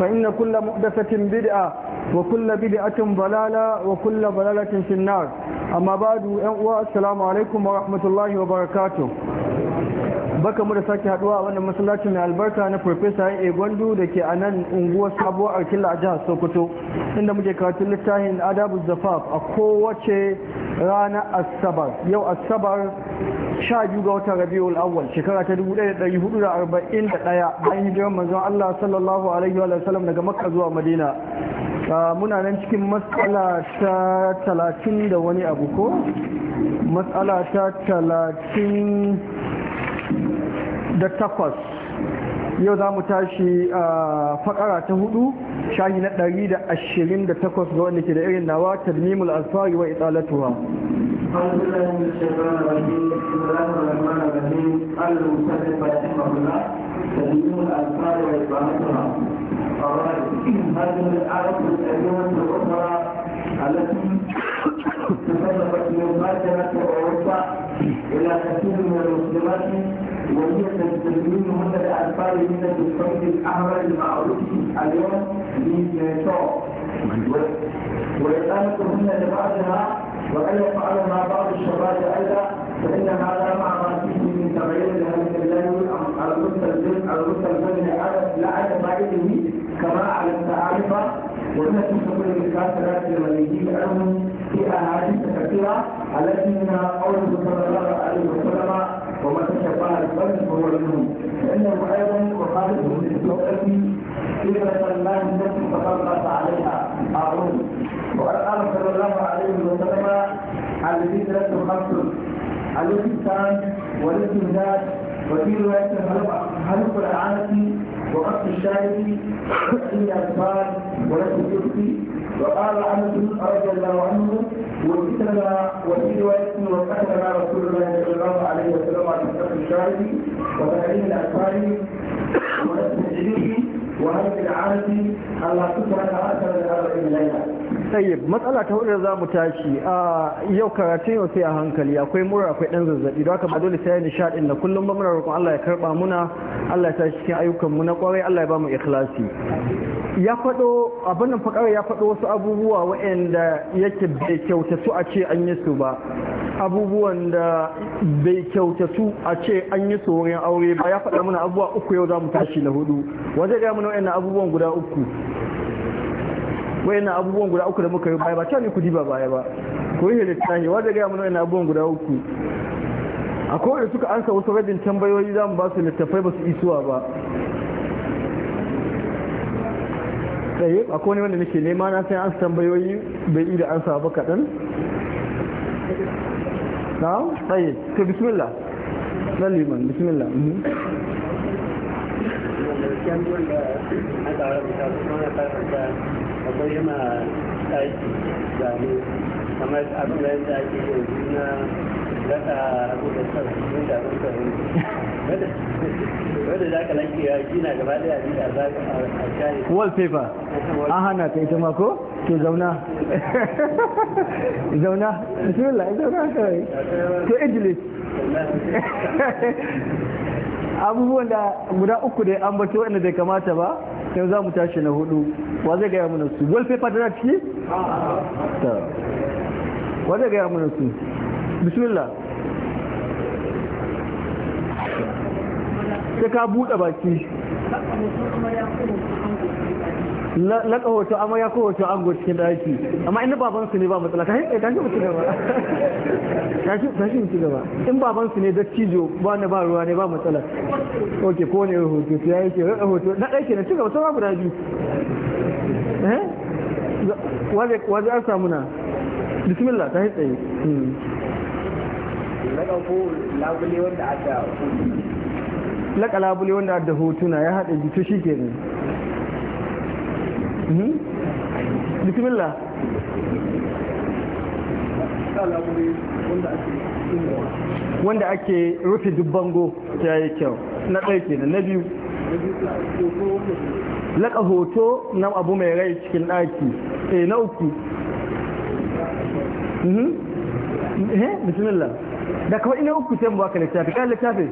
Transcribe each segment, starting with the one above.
فإن كل محدثة بدعة وكل بدعة ضلالة وكل ضلالة في النار أما بعد السلام عليكم ورحمة الله وبركاته baka mu da sake haduwa a wannan masallaci mai albarka na Profesa A Gwandu da ke a nan unguwar Sabuwar Arkila a jihar Sokoto inda muke karatun littafin Adabu Zafaf a kowace rana Asabar yau Asabar 12 ga watan Rabiul Awwal shekara ta 1441 bayan hijirar manzon Allah sallallahu alaihi wa sallam daga Makka zuwa Madina ah, muna nan cikin matsala ta talatin da wani abu ko matsala ta talatin da takwas yau za mu tashi a fakara ta hudu shahi na ɗari da ashirin da takwas ga wanda ke da irin nawa tadmimul alfari wa itsalatuwa الحمد لله من الشيطان الرجيم بسم الله الرحمن الرحيم قال المصنف رحمه الله تدين الأذكار وإقامتها الرأي هذه الآية الكريمة الأخرى التي تسببت من مادة كثير من المسلمات وهي تستخدمهن الألفاظ من الصوت الأحمر المعروف اليوم ويقال وإقامتهن لبعضها وأن يفعلها بعض الشباب أيضا فإن هذا مع ما فيه من تغيير لهذه الله الرسل المستلزم لعدم فائده كما على والتي تقول ثلاثة والذين لهم في أحاديث كثيرة التي منها قوله صلى الله عليه وسلم وما تشبه الفرد فهو منهم فإنه أيضا يخالف من التوقف فكرة الله التي تفرقت عليها أعوذ وقال صلى الله عليه وسلم الفكرة خمس والذي والاستمداد وفي رواية هلق العانة وقت الشاهد إلا أكبار ولكن يبكي وقال أنس رضي الله عنه وكتب وفي رواية وكتب رسول الله صلى الله عليه وسلم عن فتح الشاهد وتعليم الأكبار ورسم الجليل وهرب العادي العاده كثرة أكثر من أربعين ليلة tsayyib matsala ta hudu za mu tashi a yau karatun yau sai a hankali akwai mura akwai dan zazzabi don haka ba dole sai nishadin da kullum ba muna roƙon Allah ya karɓa muna Allah ya tashi cikin ayyukan mu na kwarai Allah ya ba mu ikhlasi ya fado abin nan fakar ya faɗo wasu abubuwa waɗanda yake bai kyauta su a ce an yi su ba abubuwan da bai kyauta su a ce an yi su wurin aure ba ya faɗa Muna abubuwa uku yau za mu tashi na hudu wajen ga mana waɗannan abubuwan guda uku wayannan abubuwan guda uku da muka yi baya ba ta ne ku diba baya ba ko yi littafi wanda ga mana wayannan abubuwan guda uku a kowane suka ansa wasu rabin tambayoyi za mu ba su littafai ba su isuwa ba tsaye a kowane wanda nake nema na san an tambayoyi bai iya an sa ba kaɗan na tsaye to bismillah laliman bismillah mhm. Thank you. akwai yana zane a shayi hana ta ita mako to zauna zauna bismillah zauna kawai to abubuwan da guda uku da an ambato wanda bai kamata ba yau za mu tashi na hudu wa zai gaya mana su wallpaper tana ciki? ta wa zai gaya mana su bismillah sai ka buɗe baki laka hoto amarya ko hoto ango cikin daki amma ina baban su ne ba matsala ka hinka tashi mutu gaba tashi mutu gaba in baban su ne dattijo ba na ba ruwa ne ba matsala ok ko ne hoto ya yi ke eh, hoto na dai kenan cigaba sauran guda biyu eh waje an samu na bismillah ta tsaye laka hmm. labule wanda a laka labule wanda da hotuna ya hada jito kenan. Mhm. bismillah wanda ake rufe dubbango ya yi kyau na ɗauke da na biyu laƙa hoto na abu mai rai cikin ɗaki e na uku mhm. eh, bismillah da kawai ina uku sai mu littafi kan littafi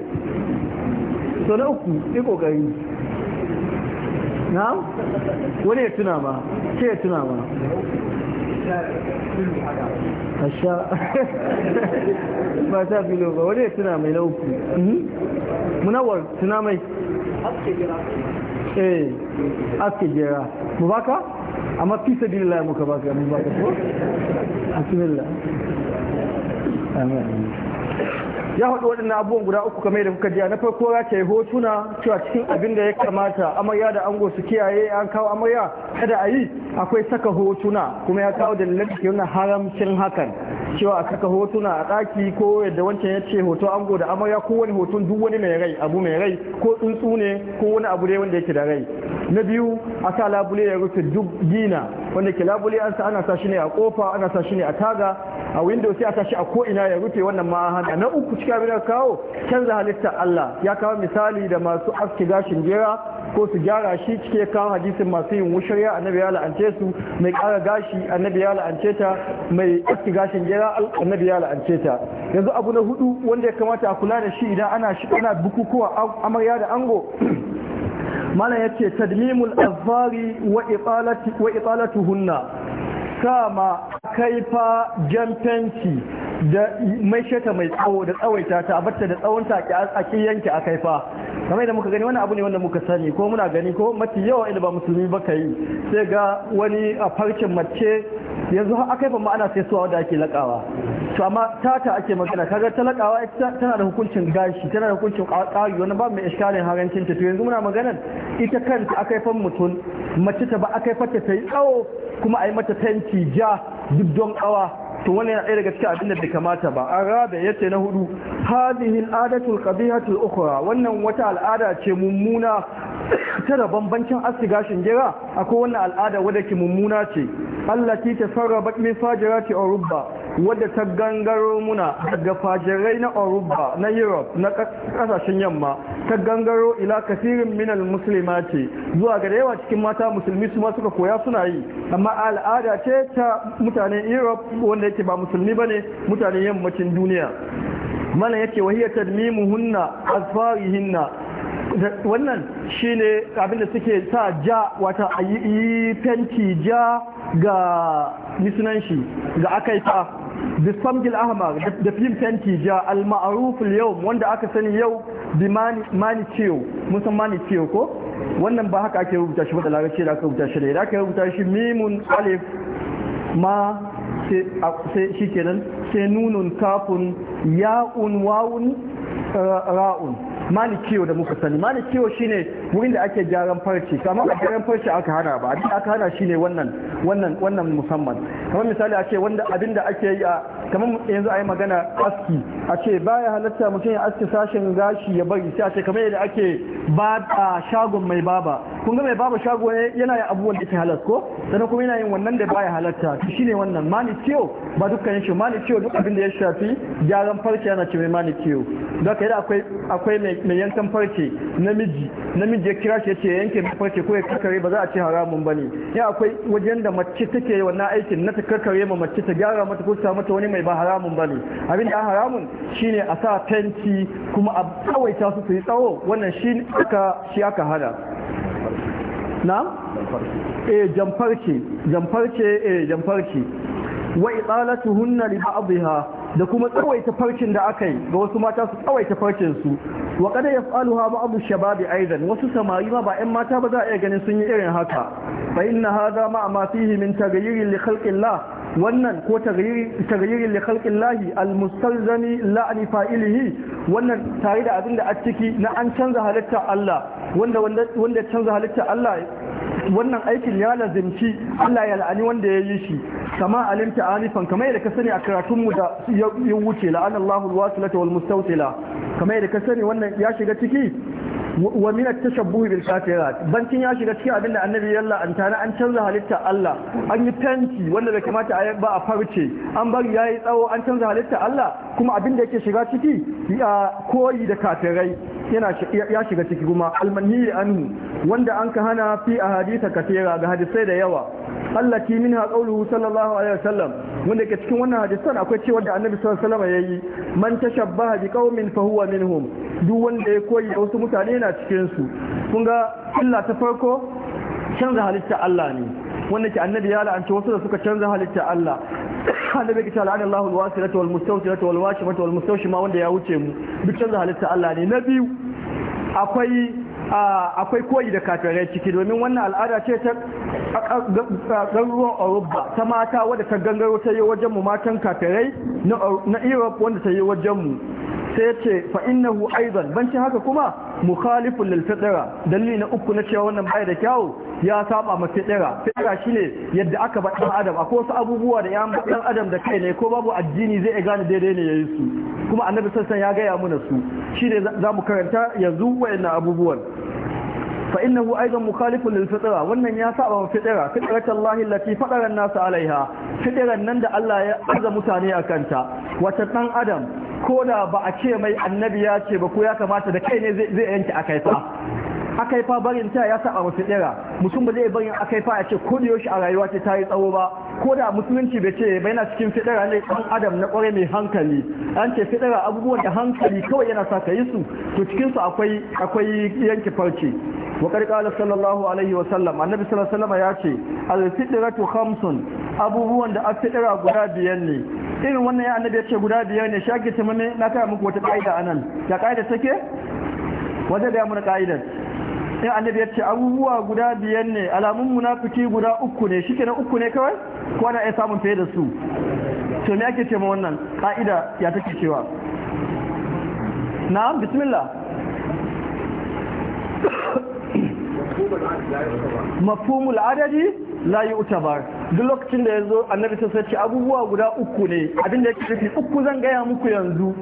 so na uku ɗi ƙoƙari na wani ya tuna ma ce ya tuna ma asha ba ta filo ba wani ya tuna mai na uku mhm. munawar tuna mai eh aske jera mu baka amma fi sabilillah muka baka mu baka ko bismillah amin ya haɗu waɗannan abubuwan guda uku kamar da kuka jiya na farko ya ce hotuna cewa cikin abin da ya kamata amarya da ango su kiyaye an kawo amarya kada a yi akwai saka hotuna kuma ya kawo dalilan ke nuna haramcin hakan cewa a saka hotuna a ɗaki ko yadda wancan ya ce hoto ango da amarya ko wani hoton duk wani mai rai abu mai rai ko tsuntsu ne ko wani abu dai wanda yake da rai na biyu a sa labule ya rufe duk gina wanda ke labule an sa ana sa shi ne a kofa ana sa shi ne a taga a windows sai a sa shi a ko ina ya rufe wannan ma na uku cikin abin da kawo canza halittar Allah ya kawo misali da masu aski gashin jera ko su gyara shi cike kawo hadisin masu yin wushariya annabi ya la'ance su mai ƙara gashi annabi ya la'ance ta mai aski gashin jera annabi ya la'ance ta yanzu abu na hudu wanda ya kamata a kula da shi idan ana shi ana bukukuwa amarya da ango mana yace tadmimul azfari wa italati wa italatuhunna kama kaifa fenti. da mai shata mai tsawo da tsawaita ta abatta da tsawon ta a ki yanke a kaifa kamar da muka gani wani abu ne wanda muka sani ko muna gani ko mace yawa inda ba musulmi ba kai sai ga wani a farcin mace yanzu a kaifa ma ana sai suwa da ake lakawa to amma tata ake magana kaga ta lakawa tana da hukuncin gashi tana da hukuncin ƙari wani ba mai iskalin harancin ta to yanzu muna maganar ita kanta a kaifan mutum mace ta ba a kaifar ta yi tsawo kuma a yi mata fenti ja duk don kawa to wannan ya daga cikin abin da bai kamata ba an rabe yace na hudu hadhihi al'adatu al-qabihatu al-ukhra wannan wata al'ada ce mummuna Ta da bambancin asigashin gira akwai wannan al'ada wadda ke mummuna ce allati tasarrabat min fajirati urubba wadda ta gangaro muna daga fajirai na Oruba na Europe na kasashen yamma ta gangaro ila kasirin minal musulma ce zuwa ga yawa cikin mata musulmi su ma suka koya suna yi amma al'ada ce ta mutanen Europe wanda yake ba musulmi bane mutanen yammacin duniya mana yake wahiyar tadmimuhunna asfarihinna wannan shi ne abinda suke sa ja wata yi fenti ja ga misunan shi ga aka yi ta bisamgil ahmar da fi fenti ja al-ma'aruful yau wanda aka sani yau bi mani ciyo musan mani ciyo ko wannan ba haka ake rubuta shi wadda larabci da aka rubuta shi da aka rubuta shi mimun alif ma sai shi kenan sai nunun kafun ya'un wa'un ra'un kiwo da muka sani malikiyo shine wurin da ake gyaran farce amma a gyaran farce aka hana ba abin da aka hana shine wannan wannan wannan musamman kamar misali a ce wanda abin da ake yi a kamar yanzu a magana aski a ce baya halatta mutum ya aski sashen gashi ya bari sai a ce kamar yadda ake ba a shagon mai baba kun ga mai baba shago ne yana yin abubuwan da ke halas ko sannan kuma yana yin wannan da baya halatta shine wannan mani ciwo ba dukkan shi mani ciwo duk abin da ya shafi gyaran farce yana ce mai mani ciwo da akwai akwai mai yankan farce namiji namiji namiji je kira shi ce yanke mai farce ko ya karkare ba za a ce haramun ba ne. ya akwai wajen da mace take wannan aikin na ta karkare ma mace ta gyara mata ko ta mata wani mai ba haramun ba ne. abin da haramun shine a sa fenti kuma a tsawaita su su yi tsawo wannan shi aka shi aka hada na eh jamfarce jamfarce eh jamfarce wa italatuhunna li ba'dihha da kuma tsawaita farcin da aka yi ga wasu mata su tsawaita farcin su wa kada yaf'aluha abu shababi Aizan, wasu samari ma ba 'yan mata ba za a iya ganin sun yi irin haka fa inna a ma ma fihi min taghayyir li khalqillah wannan ko tagayirin li khalqin lahi almustalzami la'ani fa'ilihi wannan tare da abin da a ciki na an canza halitta Allah wanda wanda canza halitta Allah wannan aikin ya lazimci Allah ya la'ani wanda ya yi shi kama alimta anifan kama yadda ka sani a karatunmu da ya wuce la'an Allahul wasilata wal mustawsila kama yadda ka sani wannan ya shiga ciki wa min at-tashabbuh bil kafirat bankin ya shiga cikin abinda annabi yalla an tana an canza halitta Allah an yi tanki wanda bai kamata ba a farce an bari yayi tsawo an canza halitta Allah kuma abin da yake shiga ciki ya koyi da kafirai yana ya shiga ciki kuma almani anhu wanda an ka hana fi a ahaditha katira ga hadisai da yawa allah ki minha qawluhu sallallahu alaihi wasallam wanda ke cikin wannan hadisan akwai cewa da annabi sallallahu alaihi wasallam yayi man tashabbaha bi qaumin fa huwa minhum duk wanda ya koyi da wasu mutane yana cikin su kun ga illa ta farko canza halitta Allah ne wanda ke annabi ya la'anci wasu da suka canza halitta Allah annabi ke ta'ala Allahu alwasilata wal mustawsilata wal washimata wal mustawshima wanda ya wuce mu duk canza halitta Allah ne na biyu akwai akwai koyi da kafirai ciki domin wannan al'ada ce ta garuruwan Europa ta mata wadda ta gangaro ta yi wajen mu matan kafirai na Europe wanda ta yi wajen mu sai ya ce fainnahu innahu bancin haka kuma mukhalifun lil dalili na uku na cewa wannan bai da kyawu ya saba ma fitra shi ne yadda aka ba dan adam akwai wasu abubuwa da yan dan adam da kai ne ko babu addini zai gane daidai ne ya yi su kuma annabi sassan ya gaya mana su shine zamu karanta yanzu wayannan abubuwan فإنه أيضا مخالف للفطرة وأن يسأل فطرة فطرة الله التي فطر الناس عليها فطرة نند الله a متاني أكنت وتتن أدم ko da ba a ce mai annabi ya ce ba ko ya kamata da kai ne zai yanke akaifa akaifa barin ta ya saba wasu ɗira mutum ba zai barin akaifa ya ce ko da yaushe a rayuwa ce ta yi tsawo ba ko da musulunci bai ce bai na cikin fidira ne ɗan adam na ƙware mai hankali an ce fidira abubuwan da hankali kawai yana sa ka yi su to cikin su akwai akwai yanke farce wa qala sallallahu alaihi wa sallam annabi sallallahu alaihi wa sallam ya ce al fidratu khamsun abubuwan da afidira guda biyar ne irin wannan ya annabi ya ce guda biyar ne shaki tumami na kai muku wata ka'ida a nan ya ka'ida take wajen da muna kaida in annabi ya ce abubuwa guda biyar ne alamun munafiki guda uku ne shi kenan uku ne kawai ko ana iya samun fiye da su to me ake ce ma wannan ka'ida ya take cewa na'am bismillah mafhumul adadi la yu'tabar duk lokacin da ya zo annabi sai ce abubuwa guda uku ne abin da yake nufi uku zan gaya muku yanzu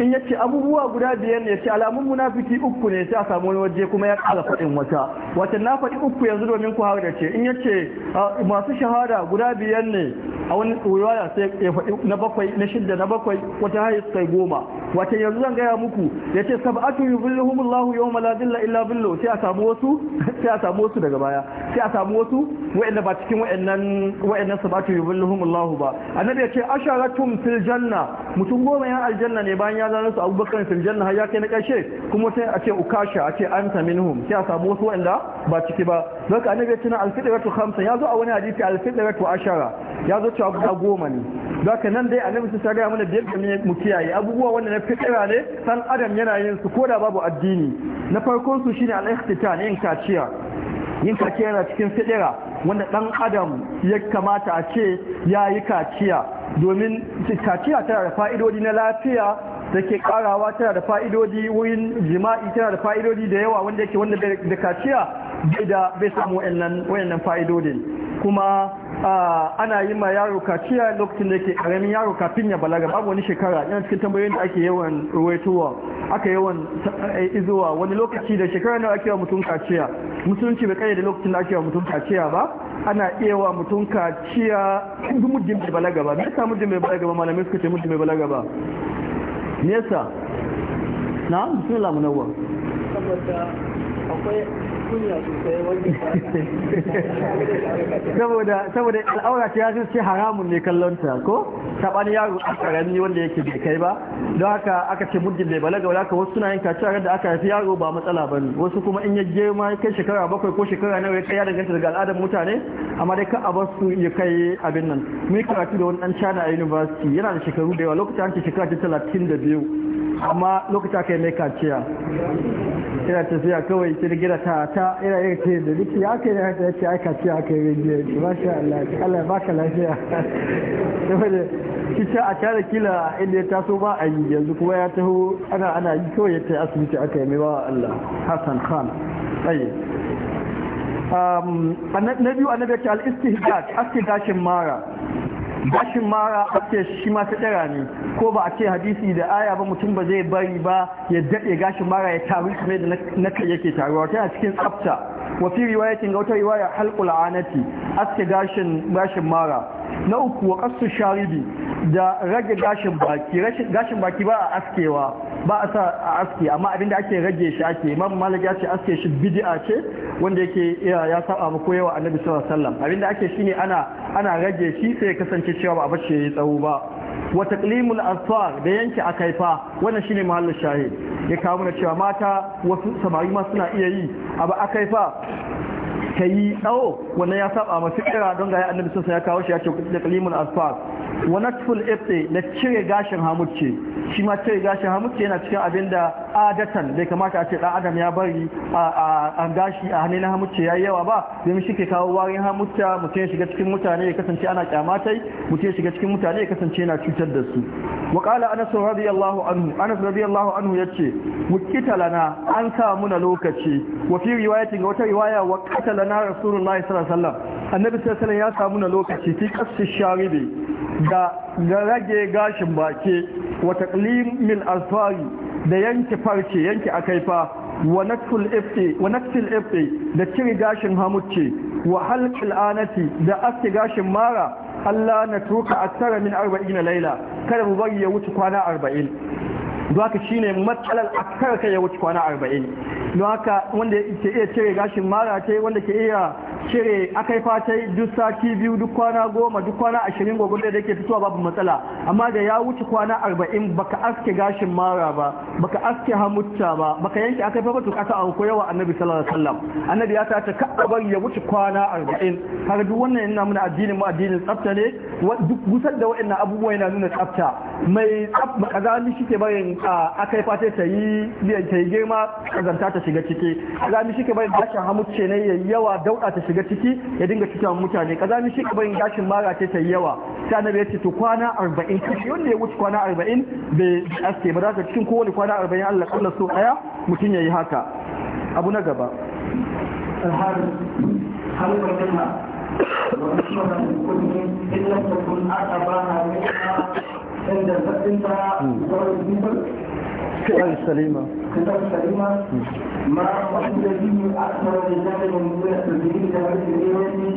in ce abubuwa guda biyar ne ce alamun munafiki uku ne sai a samu wani waje kuma ya kara faɗin wata wata na faɗi uku yanzu domin ku har da ce in ce ah, masu shahada guda biyar ne a wani riwaya sai ya faɗi na bakwai na shidda na bakwai wata hayar sai goma wata yanzu zan gaya muku yace sab'atu yuzilluhumullahu yawma la dhilla illa billu sai a samu wasu sai a samu wasu daga baya sai a samu wasu wa'anda ba cikin wa'annan wa'annan sab'atu yuzilluhumullahu ba annabi ya ce asharatum fil janna mutum goma yan aljanna ne bayan ya ranar su abubakar sun janna har ya kai na kashe kuma sai a ce ukasha a ce anta minhum sai a samu wasu wanda ba ciki ba zaka annabi tana hamsin ya zo a wani hadisi alfitratu ashara ya zo cewa guda goma ne zaka nan dai annabi sai su gaya mana biyar da mu kiyaye abubuwa wanda na fitira ne san adam yana yin su da babu addini na farkon su shine al na yin kaciya yin kaciya yana cikin fitira wanda dan adam ya kamata a ce ya yi kaciya domin kaciya tana da fa'idodi na lafiya da ke karawa tana da fa'idodi wurin jima'i tana da fa'idodi da yawa wanda yake wanda da kaciya bai da bai samu wayannan fa'idodin kuma ana yi ma yaro kaciya lokacin da yake karamin yaro kafin ya balaga babu wani shekara yana cikin tambayoyin da ake yawan ruwaitowa aka yawan eh, izuwa wani lokaci da shekara nawa ake wa mutum kaciya musulunci bai kai da lokacin da ake wa mutum kaciya ba ana iya wa mutum kaciya muddin bai balaga ba me yasa muddin bai balaga ba malamai suka ce muddin bai balaga ba me yasa na bismillah munawwar saboda akwai saboda saboda al'aura ta yazo ce haramun ne kallon kallonta ko taban yaro a karami wanda yake bai kai ba don haka aka ce muddin bai balaga wala ka wasu suna yin kaciya da aka haifi yaro ba matsala ne wasu kuma in ya girma kai shekara bakwai ko shekara nawa ya kai ya danganta daga al'adar mutane amma dai ka a bar su ya kai abin nan mun karatu da wani dan China a university yana da shekaru da yawa lokacin an ce shekara ta biyu amma lokacin aka yi mai kaciya tana tafiya kawai gida ta ta ina yin ce da duk ya kai da ta ce aika ce aka yi rediyo masha Allah Allah baka lafiya saboda shi ta a tare kila inda ya taso ba a yi yanzu kuma ya taho ana ana yi kawai ya ta asibiti aka yi mewa Allah Hassan Khan ayi na biyu annabi ya ce al-istihjaj aski dashin mara bashin mara a ce shi ma ta tsara ne ko ba a ce hadisi da aya ba mutum ba zai bari ba ya daɗe gashin mara ya taru kuma da na kai yake taruwa tana cikin tsafta wa fi riwayatin ga wata riwaya halqul anati aske gashin mara na uku wa kasu sharibi da rage gashin baki gashin baki ba a askewa ba a sa a aske amma abinda ake rage shi ake imam malik ya ce aske shi bid'a ce wanda yake ya saba ma koyewa annabi sallallahu alaihi wasallam abinda ake shine ana ana rage shi sai ya kasance cewa ba a bace yayi tsawo ba wa taqlimul asfar da yanke akaifa wannan shine mahallin shahid ya kawo mana cewa mata wasu samari ma suna iya yi a kaifa. ta yi tsawo wannan ya saba masu kira don ga annabi sun ya kawo shi ya ce da kalimun asfar wani tufin ibti na cire gashin hamuce shi ma cire gashin hamuce yana cikin abin da adatan bai kamata a ce dan adam ya bari a gashi a hannun ya yi yawa ba domin shi ke kawo warin hamutca mutum ya shiga cikin mutane ya kasance ana kyamatai mutum ya shiga cikin mutane ya kasance yana cutar da su wa qala anas radiyallahu anhu anas radiyallahu anhu yace wukita lana an sa muna lokaci wa fi riwayatin ga wata riwaya wa qatalana rasulullahi sallallahu alaihi wasallam annabi sallallahu alaihi wasallam ya samu na lokaci fi qassi sharibi da rage gashin baki wa taqlim min alfari da yanke farce yanke akaifa wa wa naktil ifti da cire gashin Hamuce wa halqil anati da aske gashin mara Allah na tuka aksara min arba'in laila kada mu bari ya wuce kwana arba'in don haka ne matsalar a karka ya wuce kwana arba'in don haka wanda ke iya cire gashin mara ta wanda ke iya cire akai fata duk sati biyu duk kwana goma duk kwana ashirin gwagwado da yake fitowa babu matsala amma da ya wuce kwana arba'in baka aske gashin mara ba baka aske hamutta ba baka yanke akai fa to kasa an koyawa annabi sallallahu alaihi wasallam annabi ya ta ka bar ya wuce kwana arba'in har duk wannan yana mana addinin mu addinin tsafta ne duk gusar da wa'annan abubuwa yana nuna tsafta mai tsafta ni shi ke barin aka yi fata ta yi ta yi girma kazanta ta shiga ciki kazami shi ka bayin gashin ce ne ya yawa dauɗa ta shiga ciki ya dinga cikin mutane kazami shi ka bayin gashin mara ta yi yawa sai annabi ya ce to kwana 40 kashi wanda ya wuce kwana 40 bai aske ba za ka cikin kowane kwana 40 Allah kalla so daya mutum ya yi haka abu na gaba Alhamdulillah, عند البث انت دورة البيبل كتاب السليمة كتاب السليمة ما واحد الذين أكثر من رجالا من دون التدريب لمجلس الإيراني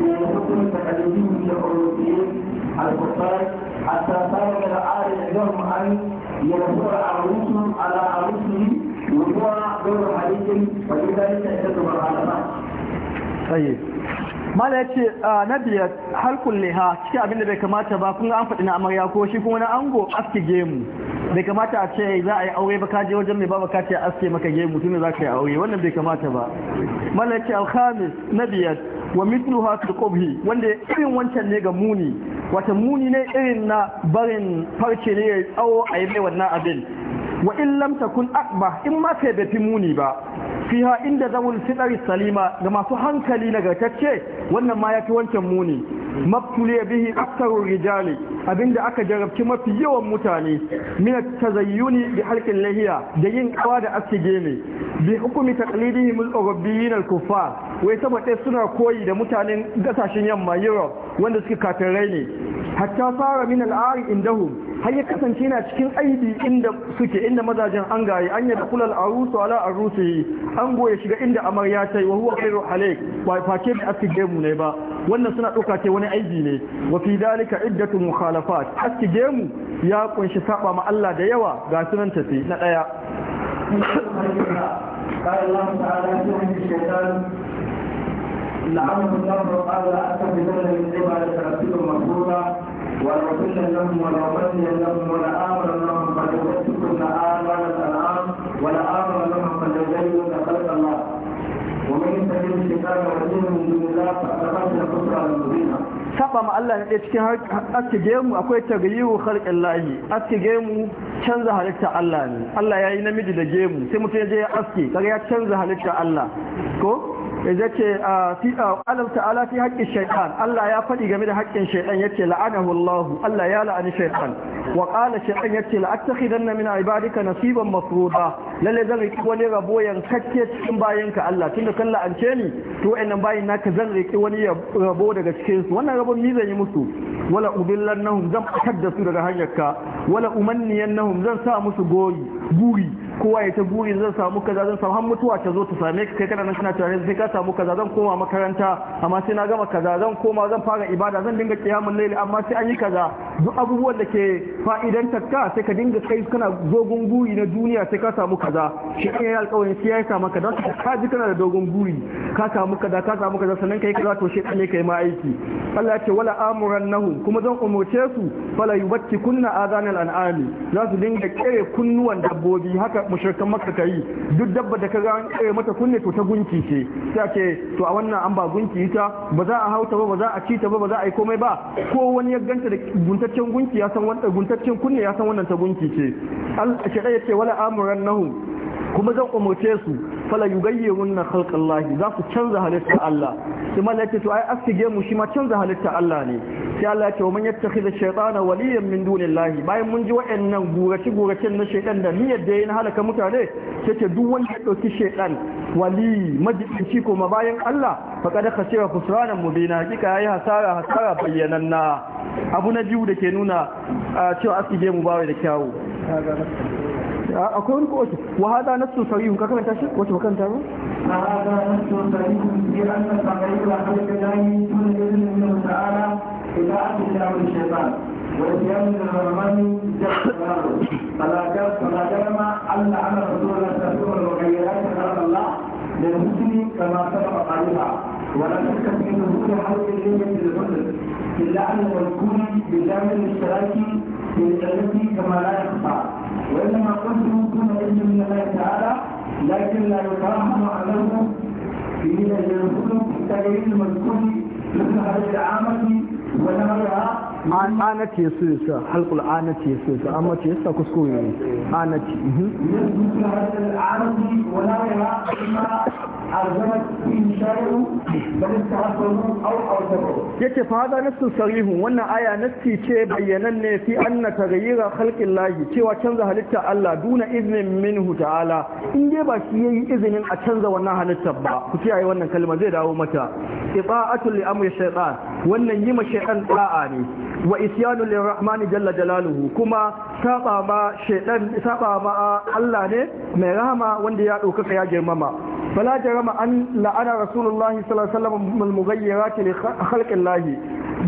بحكم التقليدين من الأوروبيين على الكفار حتى صار من العارض لهم أن يدور عروسهم على عروسه وهو دور حديث ولذلك يعتبر على طيب mala ya ce ah, na biyar halkun leha cikin abin da bai kamata ba kun an faɗi na amarya ko shi kuma na ango aske gemu bai kamata a ce za a yi aure ba kaje wajen mai baba kaci aske maka gemu tun za ka yi aure wannan bai kamata ba mala ya ce alhamis na biyar wa hasu da qubhi wanda irin wancan ne ga muni wata muni ne irin na barin farce ne ya tsawo a yi mai wannan abin wa in lam takun akba in ma sai bai fi muni ba fiha inda zawul fitari salima ga masu hankali nagartacce wannan ma ya fi wancan muni mabtuliya bihi aktarur rijali abinda aka jarabci mafi yawan mutane min tazayyuni bi halqin lahiya da yin kawa da aske gene bi hukumi taqlidihim al-urabiyyin al-kuffar wai saboda suna koyi da mutanen gasashen yamma Europe wanda suke kafirai ne hatta fara min al-ari indahum har ya kasance yana cikin aibi inda suke inda mazajen an gaye an yi da kulal arusu ala arusihi an goye shiga inda amarya ta yi wa huwa khairu halik ba fake aski gemu ne ba wannan suna ɗauka ce wani aiki ne wa fi dalika iddatu mukhalafat haske gemu ya kunshi saba ma Allah da yawa ga sunan tafi na daya قال الله تعالى يوم الشيطان لعمر الله قال أستغفر من عبادة ربكم مغفورا ولأضل لهم ولأضل لهم ولآمر لهم فليبتكن آمال الأنعام ولآمر لهم فليبين خلق الله ومن الشيطان saba ma Allah ne cikin aski gemu akwai tagayyu kharqin lahi aski gemu canza halitta Allah ne Allah yayi namiji da gemu sai mutum ya je ya aske kaga ya canza halitta Allah ko ya ah, fiɗa ah, alam ta'ala fi haƙƙin shaitan Allah ya faɗi game da haƙƙin shaitan ya ce la'anahu Allah Allah ya la'ani shaitan wa ƙala shaitan ya ce la'attakhidanna min ibadika nasiban mafruda lalle zan riki wani rabo yankakke cikin bayan ka Allah tunda kan la'ance ni to wayannan bayin naka zan riki wani rabo daga cikin su wannan rabon ni zan yi musu wala ubillannahum zan fitar da su daga hanyar ka wala umanniyannahum zan sa musu goyi guri kowa ya ta buri zan samu kaza zan samu har mutuwa ta zo ta same ka kai kana nan kana tare sai ka samu kaza zan koma makaranta amma sai na gama kaza zan koma zan fara ibada zan dinga kiyamul layli amma sai an yi kaza duk abubuwan da ke fa'idan takka sai ka dinga kai kana dogon guri na duniya sai ka samu kaza shi ne ya alƙawarin sai ya samu kaza ka ji kana da dogon guri ka samu kaza ka samu kaza sannan kai kaza to shi ne kai ma aiki Allah ya ce wala amuran nahu kuma zan umurce su fala yubatti kunna azanil an'ami za su dinga kere kunnuwan dabbobi haka mushrikan makka ta yi duk dabba da ka ga an kare mata kunne to ta gunki ce sai ce to a wannan an ba gunki ita ba za a hauta ba ba za a ci ta ba ba za a yi komai ba ko wani ya ganta da guntaccen gunki ya san wannan guntaccen kunne ya san wannan ta gunki ce Allah ya ce wala amuran nahum kuma zan umurce su fala yugayyirunna khalqallahi za su canza halitta Allah sai mallan ce to ai asige mu shi ma canza halitta Allah ne sai Allah ya ce man yattakhidha shaytana waliyan min dunillahi bayan mun ji wayannan gurace gurace na shaytan da ni da yayin halaka mutane sai ce duk wanda ya dauki shaytan wali majibinci ko bayan Allah fa faqad khasira khusranan mubina hakika yayi hasara hasara bayyananna abu na biyu da ke nuna cewa asige mu bawai da kyawu akwai wani ko wata wahada nasu sarihun ka karanta shi wata makaranta ba هذا نفس في أن تغيير خلق الله دون إذن منه تعالى إطاعة لأمر الشيطان وإتيان الغرمان فلا جرم فلا جرم ألا أن رسول الله تكون المغيرات خلق الله للمسلم كما سبق قريبا ولا شك في نزول حلق الليل للحزن إلا أنه يكون بجانب الاشتراك في الجنة كما لا يخفى وإنما قلت دون إذن من الله تعالى لكن لا يترحم عليهم حين ينفذ التغيير المذكور مثل هذه العامة Wani ana ce su sa halkul ana ce su sa amma ce sa kuskure ne ana mhm. ce yace fa hada nasu sarihun wannan aya nasti ce bayyanan ne fi anna taghayyira halkin lahi cewa canza halitta Allah duna iznin minhu ta'ala in dai ba shi ya yi izinin a canza wannan halittar ba ku a yi wannan kalma zai dawo mata ita'atul li amri shaytan wannan yi ma shaytan da'a ne wa isyanu lirrahmani jalla jalaluhu kuma saba ma shaytan saba ma Allah ne mai rahama wanda ya dauka ya girmama fala jarama an la'ana rasulullahi sallallahu alaihi wasallam al-mughayyirati li khalqillahi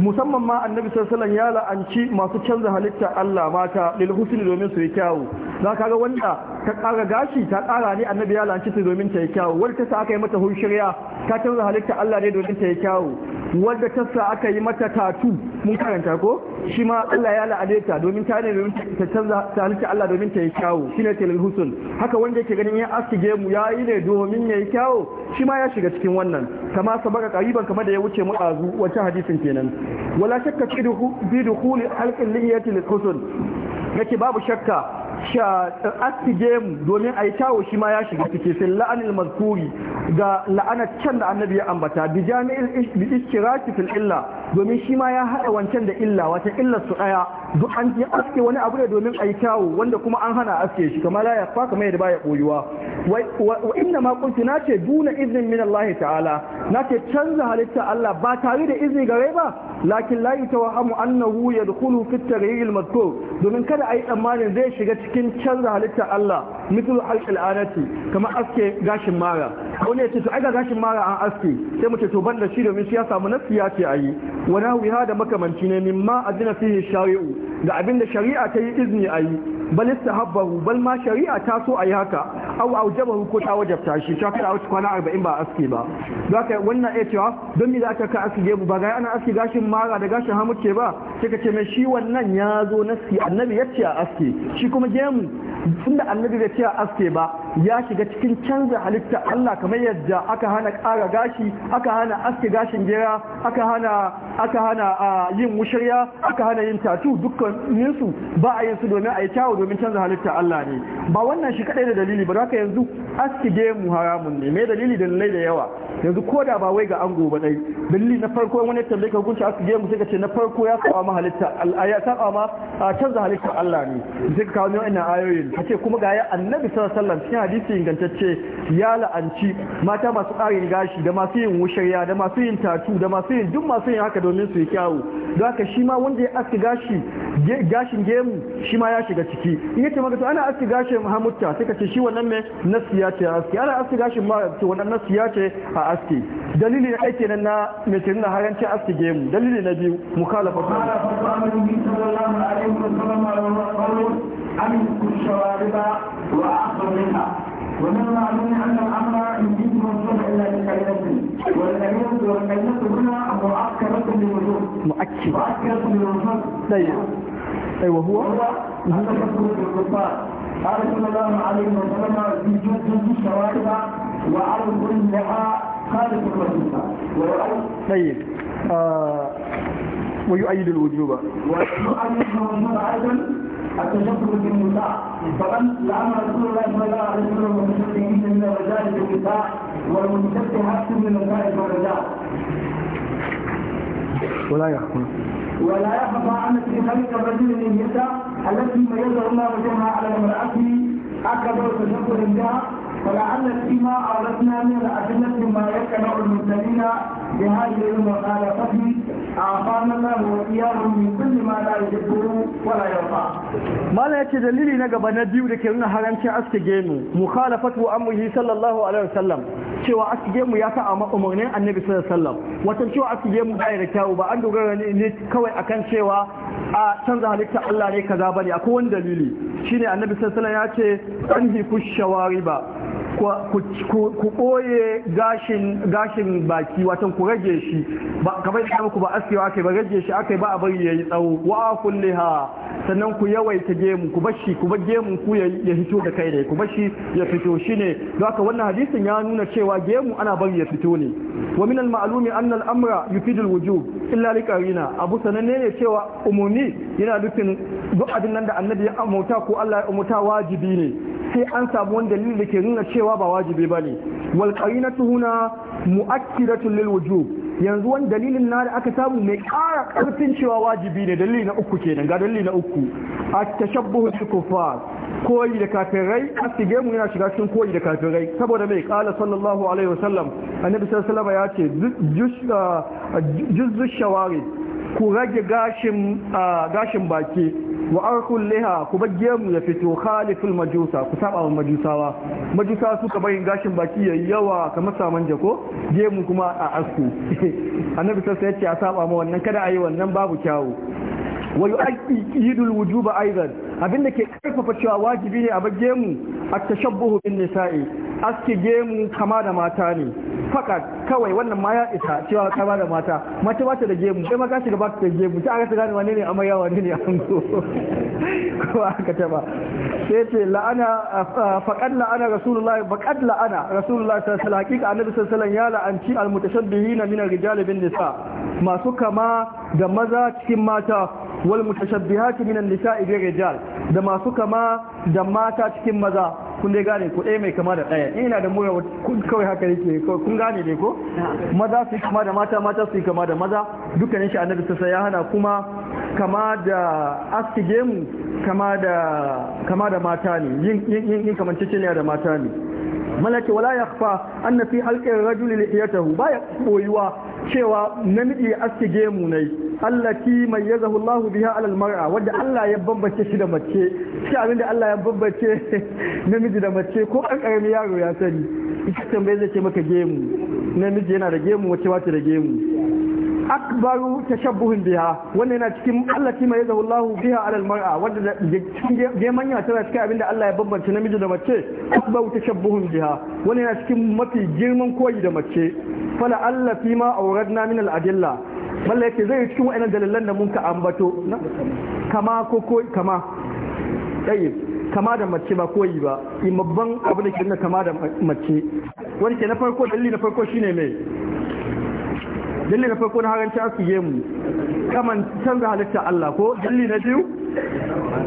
musamman ma annabi sallallahu ya la'anci masu canza halitta Allah mata lil husni domin su yi kyawu zaka ga wanda ta ƙara gashi ta ƙara ne annabi ya lanci ta domin ta yi kyawu wadda ta sa aka yi mata hunshirya ta canza halitta Allah ne domin ta yi kyawu wadda ta sa aka yi mata tatu mun karanta ko shi ma Allah ya la'ade ta domin ta ne domin ta canza halitta Allah domin ta yi kyawu shine tilal husun. haka wanda yake ganin ya asige mu ya yi ne domin ya yi kyawu shi ma ya shiga cikin wannan kama sabaka qariban kama da ya wuce mu wacce hadisin kenan wala shakka fi dukhuli halqin liyati lil husn yake babu shakka astige mu domin a yi tawo shi ma ya shiga cikin fil la'anil mazkuri ga la'anar can da annabi ya ambata bi jami'il bi istiraki fil illa domin shi ma ya haɗa wancan da illa wata illar su ɗaya duk an yi aske wani abu ne domin a yi kyawu wanda kuma an hana aske shi kamar la ya fa kamar yadda baya koyuwa wa inna ma kuntu na ce duna iznin min Allah ta'ala na ce canza halitta Allah ba tare da izini gare ba lakin la wahamu annahu yadkhulu fi at-taghyir al-madhkur domin kada ayi tsammanin zai shiga cikin canza halitta Allah mithlu halq al-anati kamar aske gashin mara wani ya ce to ai ga gashin mara an aske sai mu ce to banda shi domin shi ya samu nasiya ce ayi wani wuya da makamanci ne mimma azina fihi shari'u da abinda shari'a ta yi izini a yi bal istahabbahu bal ma shari'a ta so a yi haka aw aujabahu ko ta wajabta shi ta kada wata kwana 40 ba aske ba zaka wannan ya cewa don me za ka ka aski ba ga ana aske gashin mara da gashin hamuke ba sai ka ce mai shi wannan ya zo nasi annabi ya ce a aske, shi kuma gemu tunda da annabi bai cewa aske ba ya shiga cikin canza halitta Allah kamar yadda aka hana ƙara gashi aka hana aske gashin gera aka hana aka hana yin wushirya aka hana yin tatu dukkaninsu ba a yin su domin a yi kyawu domin canza halitta Allah ne ba wannan shi kadai da dalili ba haka yanzu aski gemu haramun ne mai dalili dalilai da yawa yanzu ko da ba wai ga ango ba dai dalili na farko wani tambaye ka gunta aski gemu sai ka ce na farko ya saba ma halitta Allah ya saba ma canza halitta Allah ne sai ka kawo ne wannan ayoyin ka ce kuma ga ya annabi sallallahu alaihi wasallam cikin hadisi ingantacce ya la'anci mata masu ƙarin gashi da masu yin wusharya da masu yin tatu da masu yin duk masu yin haka domin su yi kyawu don haka shi ma wanda ya aski gashi gashin gemu shi ma ya shiga ciki in yace maka to ana aski gashin hamutta sai ka ce shi wannan me nasiya ya ce aski ana aski gashin ma to wannan nasu ya ce a aski dalili na aiki na mai tirin na haranci aski gemu dalili na biyu mukhalafa ta ومن معلوم أن الأمر يجيب منصوب إلا بكلمة والكلمة والكلمة هنا مؤكدة للوجود مؤكدة مؤكدة للوجود طيب أي وهو قال صلى الله عليه وسلم في جد الشوارع وعرض لها خالق الرسول طيب آه، ويؤيد الوجوب ويؤيد الوجوب ايضا التشكر بالنساء فقد لعن رسول الله صلى الله عليه وسلم المشبهين من الرجال بالنساء والمشبهات من رجال بالرجال ولا يخفى ولا يخفى أن اتخاذ الرجل للنساء التي ميز الله وجهها على المرأة أكبر تشكر بها ولعل فيما عرفنا من الأدلة ما يقنع المسلمين بهذه المخالفة أعطانا الله وإياهم من كل ما لا يجبه ولا يرضى ما لا dalili na نقب نديو لكي da ke nuna harancin aske gemu mukhalafatu amrihi sallallahu alaihi wasallam cewa aske mu ya amma umarnin annabi sallallahu alaihi wasallam wata cewa a aske mu ba da kyawu ba an dogara ne kawai akan cewa a canza halitta Allah ne kaza bane akwai wani dalili shine annabi sallallahu alaihi wasallam ya ce anhi hifu shawariba ku ɓoye gashin baki watan ku rage shi kamar da ku ba wa kai ba rage shi aka ba a bari ya yi tsawo wa kulliha sannan ku yawaita gemu ku bashi ku bar gemu ku ya fito da kai ne ku bashi ya fito shine don haka wannan hadisin ya nuna cewa gemu ana bari ya fito ne wa min al-ma'lumi al-amra yufidu al-wujub illa li qarina abu sananne ne cewa umumi yana nufin duk abin nan da annabi ya amauta ko Allah ya amauta wajibi ne sai an samu wani dalili da ke nuna cewa cewa ba wajibi bane wal qarinatu huna mu'akkidatun lil wujub yanzu wani dalilin na da aka samu mai ƙara ƙarfin cewa wajibi ne dalili na uku kenan ga dalili na uku a tashabbuhu bil kufar koyi da kafirai a sige mu yana shiga cikin koyi da kafirai saboda mai ƙala sallallahu alaihi wasallam annabi sallallahu alaihi wasallam ya ce juzzu ah, shawari ku rage gashin baki wa arkun liha ku bagge mu ya fito khaliful majusa ku saba wa majusawa majusa suka bayin gashin baki yayi yawa kamar saman jako je mu kuma a asku annabi sai ya ce a saba ma wannan kada ayi wannan babu kyawu wa yu'aqqidul wujuba aidan abinda ke karfafa cewa wajibi ne a bagge mu at-tashabbuhu bin nisa'i aske gemu kama da mata ne faka kawai wannan ma ya isa cewa ta ba da mata mace ba ta da gemu kai ma ka shiga ba ta da gemu ta aka gane wane ne amarya wane ne ango ko aka ta ba sai ce la'ana faqad la'ana rasulullahi faqad la'ana rasulullahi sallallahu alaihi wasallam hakika annabi sallallahu alaihi wasallam ya la'anci almutashabbihina min ar bin nisa masu kama da maza cikin mata wal mutashabbihat min an nisa bi rijal da masu kama da mata cikin maza kun dai gane ko ɗaya mai kama da ɗaya ina da mura kun kawai haka yake kun gane ne ko maza su kama da mata mata su kama da maza dukkanin shi annabi sassa ya hana kuma kama da askige mu kama da mata ne yin yin ne da mata ne malaki wala an anna fi halqi ar-rajuli lihiyatahu ba ya koyuwa cewa namiji askige mu ne allati mayyazahu Allah biha alal mar'a wanda Allah ya bambace shi da mace shi abin da Allah ya bambace namiji da mace ko an karami yaro ya sani ita tambaye zai ce maka gemu namiji yana da gemu wace wace da gemu akbaru tashabbuhin biha wannan yana cikin allati mayyazahu Allah biha alal mar'a wanda geman ya tana cikin abin da Allah ya bambance namiji da mace akbaru tashabbuhin biha wannan yana cikin mafi girman koyi da mace fala allati ma auradna min al adilla malla yake zai cikin wa'annan dalilan da mun ka ambato kama ko ko kama ɗaya kama da mace ba koyi ba imabban abu da ke nuna kama da mace wani ke na farko dalili na farko shine mai dalili na farko na haranci asiye mu kaman canza halitta Allah ko dalili na biyu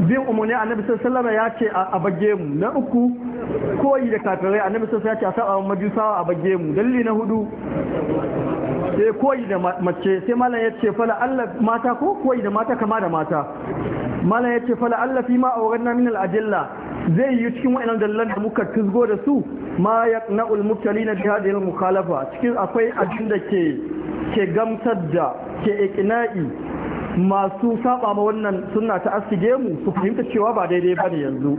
bin umarni annabi sallallahu ya ce a bage mu na uku koyi da kafirai annabi sallallahu ya ce a saba majusawa a bage mu dalili na hudu sai koyi da mace sai malam ya ce fala Allah mata ko koyi da mata kama da mata malam ya ce fala Allah fi ma auradna min al-ajilla zai yi cikin wa'annan dalilan da muka tuzgo da su ma yaqna'ul mubtalina bi hadhihi al-mukhalafa cikin akwai abin da ke ke gamsar da ke iqna'i masu saba ma wannan sunna ta asige mu su fahimta cewa ba daidai ba ne yanzu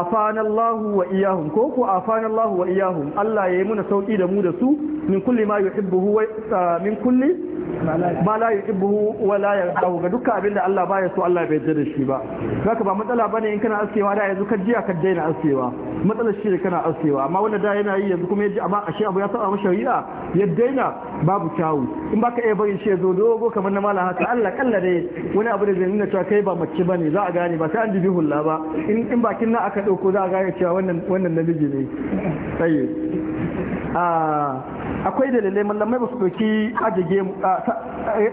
afanallahu wa iyahum ko afanallahu wa iyahum Allah ya yi muna sauki da mu da su min kulli ma yuhibbuhu wa min kulli ma la yuhibbuhu wa la yarda ga dukkan abin da Allah baya so Allah bai jira da shi ba haka ba matsala bane in kana askewa da yanzu ka jiya ka daina askewa matsalar shi ne kana askewa amma wanda da yana yi yanzu kuma yaji amma ashe abu ya saba masa shari'a ya daina babu kyawu in baka iya bari shi zo dogo kamar na malam haka Allah kalla dai wani abu da zai nuna cewa kai ba mace bane za a gane ba sai an dubi hulla ba in in bakin na aka dauko za a gane cewa wannan wannan namiji ne sai a ah. akwai dalilai mallamai ba su ɗauki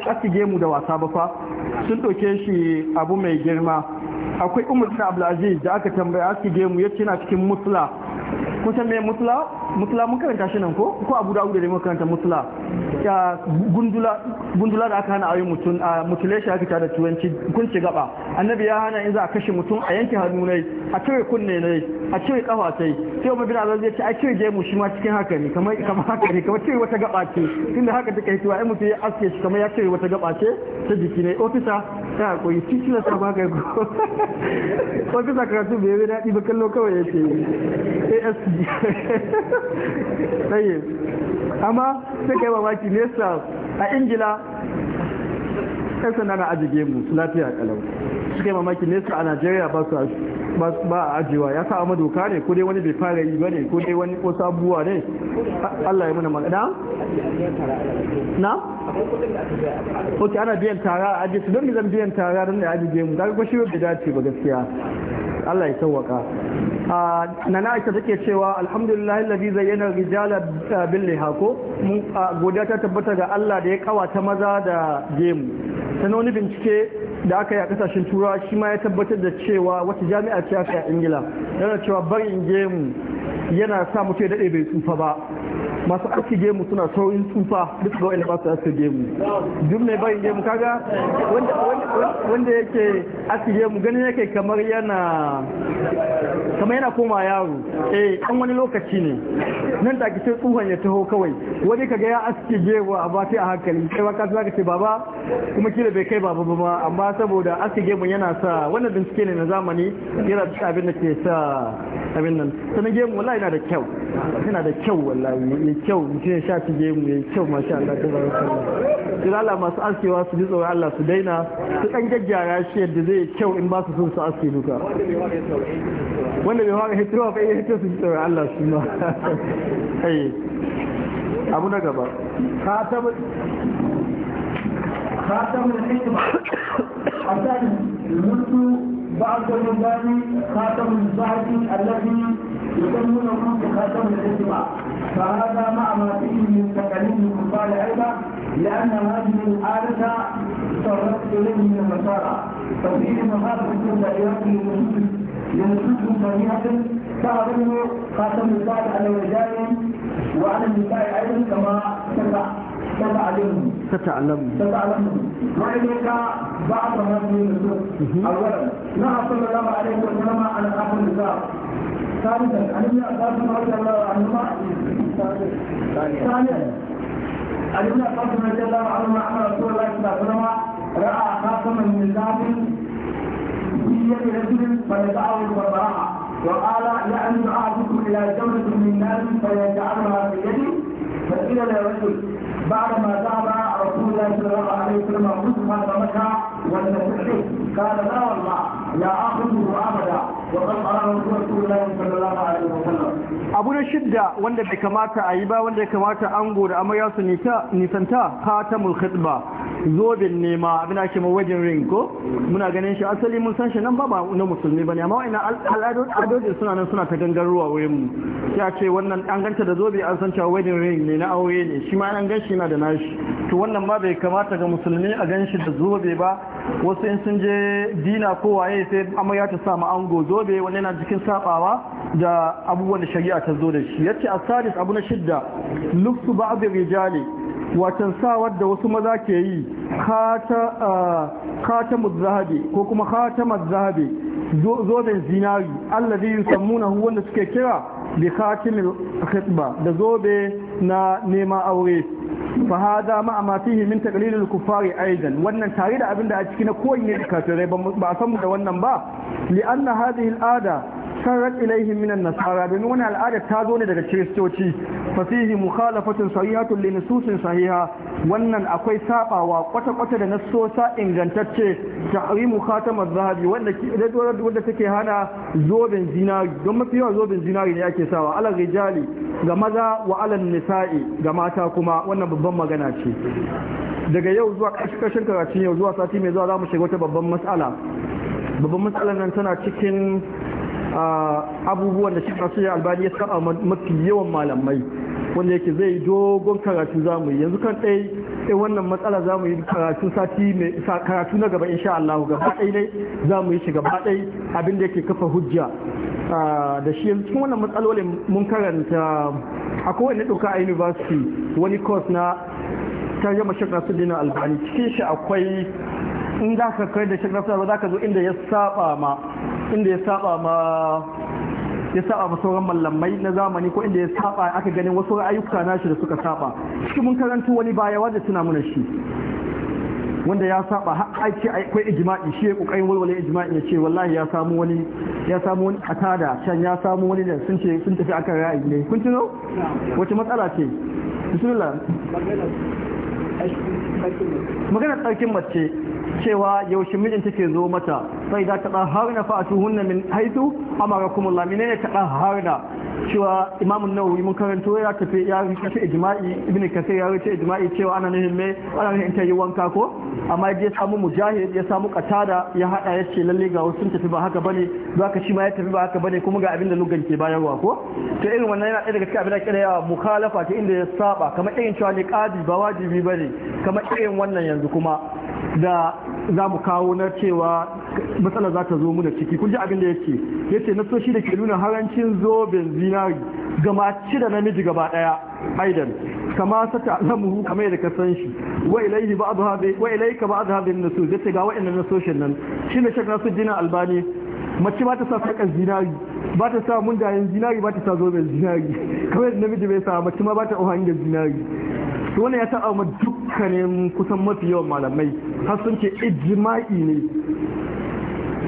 ake gemu da wasa ba fa sun ɗauke shi abu mai girma akwai umar abdulaziz da aka tambaya ake gemu ya ce na cikin musula kun san me mutla mutla mun karanta shi nan ko ko abu da da mun karanta mutla ya gundula gundula da aka hana ayi mutun a mutule shi aka tada tuwanci kun ci gaba annabi ya hana in za a kashe mutum a yanke hannu ne a cire kunne ne a cire kafa sai sai umar bin azazi ya ce a cire je mu shi ma cikin haka ne kamar kamar haka ne kamar cire wata gaba ce tunda haka take yi tuwa ai mutum ya aske shi kamar ya cire wata gaba ce ta jiki ne ofisa ya koyi cikin sa sabaka ga ko ofisa karatu bai yi daɗi ba kallo kawai yake asd tsaye amma sai kai mamaki nesa a ingila yan sanda na ajige mu lafiya kalau suka yi mamaki nesa a najeriya ba su ba a ajiyewa ya sa amma doka ne ko dai wani bai fara yi ba ne ko dai wani ko sabuwa ne allah ya muna magana na ok ana biyan tara a ajiye su don zan biyan tara don da ajiye mu ga kwashi shi bai dace ba gaskiya Allah ya tawaka nana aisha take cewa alhamdulillah allazi zayyana rijala eh, bil lihako mun godiya ta tabbata ga Allah da ya kawata maza da gemu sanan wani bincike da aka yi a kasashen turawa shi ma ya tabbatar da cewa wata jami'a ce aka yi a ingila yana cewa barin gemu yana sa mutum ya daɗe bai tsufa ba masu aski gemu suna saurin tsufa duk ga wani ba su aski gemu duk mai bayin gemu kaga wanda yake aski gemu ganin yake kamar yana kamar yana koma yaro eh an wani lokaci ne nan da sai tsuhan ya taho kawai wani kaga ya aski gemu a ba a hankali kai ba ka zaka ce baba kuma kila bai kai baba ba amma saboda aski gemu yana sa wannan bincike ne na zamani yana da abin da ke sa abin nan sanan gemu wallahi yana da kyau yana da kyau wallahi abu ya kyau mutum ya sha fige mu ya kyau masha Allah ta bari sallah Allah masu askewa su ji tsoron Allah su daina su dan gaggyara shi yadda zai kyau in ba su son su aske duka wanda bai fara hitro ba ya hitro su ji tsoron Allah shi ma abu na gaba khatam khatam al-hikma hasan al-mulku ba'd al-mubani khatam al-zahid alladhi يسمون المنطق خاتم الاتباع فهذا مع ما فيه من تكاليف الكفار ايضا لان هذه الآلة صرت اليه من النصارى ففيه مخالفة تأييد لنصوص صريحة تعرض خاتم الاتباع على وجهين وعلى النساء ايضا كما تقع تتعلم تتعلم وإليك بعض هذه النصوص أولا نهى نعم، صلى الله عليه وسلم عن أخذ النساء ثالثا ابن عباس رضي الله عنهما ثانيا عن ابن عباس رضي الله عنهما ان رسول الله صلى الله عليه وسلم راى خاتما من ذهب في يد رجل فيدعه الفراغ وقال لأن أعدكم إلى جولة من نار فيجعلها في يدي فقيل للرجل بعدما ذهب رسول الله صلى الله عليه وسلم قال لا والله لا وقد رسول الله صلى الله عليه وسلم abu na shidda wanda bai kamata a yi ba wanda ya kamata ango da amarya su nisanta katamul ba zobin nema abin ake wajen ring ko muna ganin shi asali mun san shi nan ba na musulmi ba ne amma wa'ina al'adodin suna nan suna ta ruwa wurin mu ya ce wannan an ganta da zobe an san cewa wajen ring ne na aure ne shi ma an shi na da nashi to wannan ma bai kamata ga musulmi a gan shi da zobe ba wasu in sun je dina ko waye sai amarya ta samu ango zobe wani yana cikin sabawa da abubuwan da shari'a ta zo da shi yace asadis abu na shidda lufu ba'd rijali watan sawar da wasu maza ke yi khatamu zahabi ko kuma khatamat zahabi zoben zinari allazi yusammuna huwa wanda suke kira bi khatimil khitba da zobe na nema aure fa hada ma amma fihi min taqlilil kuffari aidan wannan tare da abinda a ciki na koyi ne kafirai ba san mu da wannan ba li anna hadhihi al'ada sarrat ilaihim minan nasara domin wani al'ada ta zo ne daga kiristoci Fasihi fihi mukhalafatun sahihatun li nususin sahiha wannan akwai sabawa kwata kwata da nasosa ingantacce tahrimu khatamaz zahabi wanda wanda take hana zoben zinari don mafi yawa zoben zinari ne ake sawa ala rijali ga maza wa ala nisa'i ga mata kuma wannan babban magana ce daga yau zuwa karshen karatun yau zuwa sati mai zuwa za mu shiga wata babban matsala babban matsalar nan tana cikin abubuwan da cikin asirin albani ya saba mafi yawan malamai wanda yake zai dogon karatu zamu yi yanzu kan ɗai ɗai wannan matsala zamu yi karatu sati mai karatu na gaba insha Allah gaba ɗai ne zamu yi shi gaba ɗai abinda yake kafa hujja da shi yanzu cikin wannan matsalolin mun karanta a kowane ɗauka a university wani course na tarjama shakka sun dina albani cikin shi akwai in za ka kai da shirin ba za ka zo inda ya saba ma inda ya saba ma ya saba ma sauran mallamai na zamani ko inda ya saba aka ganin wasu ayyuka nashi da suka saba shi mun karanta wani baya wanda tuna muna shi wanda ya saba har ce akwai ijma'i shi ya ƙoƙarin walwale ijma'i ya ce wallahi ya samu wani ya samu wani atada can ya samu wani da sun ce sun tafi akan ra'ayi ne kun tuno wace matsala ce bismillah maganar tsarkin mace cewa yaushe mijin take zo mata sai da ta daharna fa atuhunna min haitu amarakum Allah menene ta daharna cewa Imam nawawi mun karanto ya tafi ya rike ijma'i Ibn Kathir ya rike ijma'i cewa ana nihin me ana nihin ta yi wanka ko amma ya samu Mujahid ya samu Qatada ya hada ya ce lalle ga wasu tafi ba haka bane zaka shi ma ya tafi ba haka bane kuma ga abin da lugan ke bayarwa ko to irin wannan yana daga cikin abin da kira yawa mukhalafa ta inda ya saba kamar irin cewa ne qadi ba wajibi bane kamar irin wannan yanzu kuma da za mu kawo na cewa matsala za ta zo mu da ciki kun ji abin da yake yace nasoshi da ke nuna harancin zoben zinari ga ci da namiji gaba daya aidan kama sata alamuhu kama yadda ka san shi wa ilaihi ba'd hadhi wa ilaika ba'd hadhi an-nusus yace ga wa'annan nasoshin nan shine su jina albani mace ba ta sa sakan zinari ba ta sa mundayen zinari ba ta sa zoben zinari kamar yadda namiji bai sa mace ma ba ta ohan zinari to wannan ya taɓa dukkanin kusan mafi yawan malamai har sun ce ijma'i ne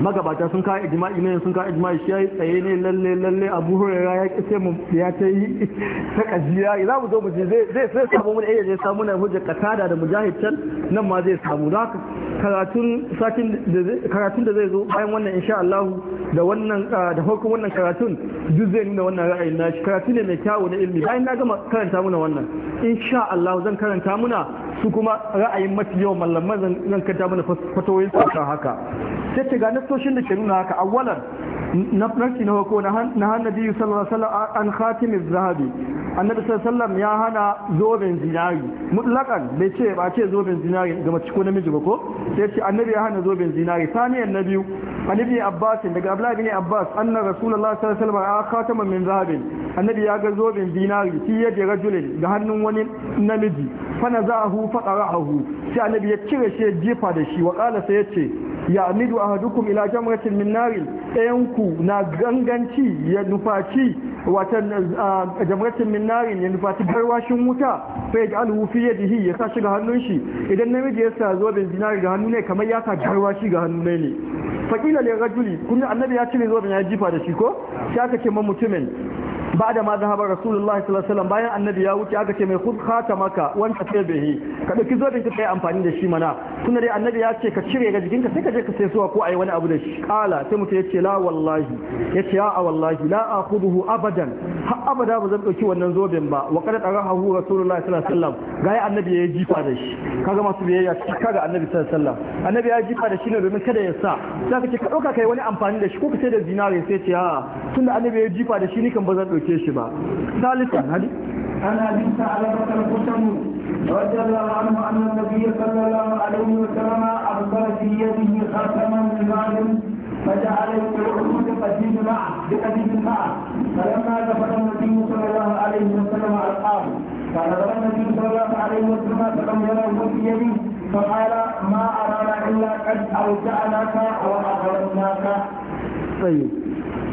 magabata sun kawo ijima'i ne sun kawo ijima'i shi ya yi tsaye ne lalle lalle Abu hurera ya kace mu ya ta yi ta kajiya za mu zo mu je zai sai samu mun eh zai samu na hujja kasada da mujahid nan ma zai samu da karatun satin da karatun da zai zo bayan wannan insha Allah da wannan ah, da farkon wannan karatun duk zai nuna wannan ra'ayin shi karatu ne mai kyawu na ilimi bayan na gama karanta muna wannan insha Allah zan karanta muna su kuma ra'ayin mafi yawan mallaman zan karanta muna fatoyin su haka sai ta ga ayatoshin da ke nuna haka awwalan farki na hako na hannabi biyu sallallahu alaihi an khatimiz zahabi annabi sallallahu alaihi ya hana zoben zinari mutlaqan bai ce ba ce zoben zinari ga mace ko namiji ba ko sai ce annabi ya hana zoben zinari saniyan nabi annabi abbas daga abdullahi bin abbas anna rasulullah sallallahu alaihi wasallam ya khatama min zahabi annabi ya ga zoben zinari fi yadi rajulin ga hannun wani namiji fa nazahu fa qara'ahu sai annabi ya cire shi ya da shi wa qala sai ya ce ya amidu ahadukum ila jamratin min narin ɗayanku na ganganci ya nufaci watan ah, jamratin min narin ya nufaci garwashin wuta sai ya alhu fi yadihi ya sa shi ga hannun shi idan namiji ya sa zoben zinari ga hannu ne kamar ya sa garwashi ga hannu ne ne. faƙila ne rajuli kun annabi ya cire zoben ya jifa da shi ko sai aka ce ma mutumin ba da ma zahaba rasulullahi sallallahu alaihi wasallam bayan annabi ya wuce aka ce mai khudh khatamaka wanda sai bihi ka dauki zobin ka kai amfani da shi mana tunda dai annabi ya ce ka cire ga jikinka sai ka je ka sai suwa ko ayi wani abu da shi kala sai mutum yace la wallahi yace ya a wallahi la akhuduhu abadan ha abada ba zan dauki wannan zoben ba wa kada tarahu rasulullahi sallallahu alaihi wasallam ga annabi ya jifa da shi kaga masu biyayya kaga annabi sallallahu alaihi wasallam annabi ya jifa da shi ne domin kada ya sa sai ka ce ka dauka kai wani amfani da shi ko ka sai da zinare sai ce a tunda annabi ya jifa da shi ni kan ba dauki يا شباب ثالثا salisan hadi أنا بنت علبة الخشني رضي الله عنه أن النبي صلى الله عليه وسلم أقبل في يده خاتما من مال فجعل يقول قديم معه بقديم معه فلما دخل النبي صلى الله عليه وسلم ألقاه فنظر النبي صلى الله عليه وسلم فلم يره في يده فقال ما أرانا إلا قد أرجعناك وأغرقناك طيب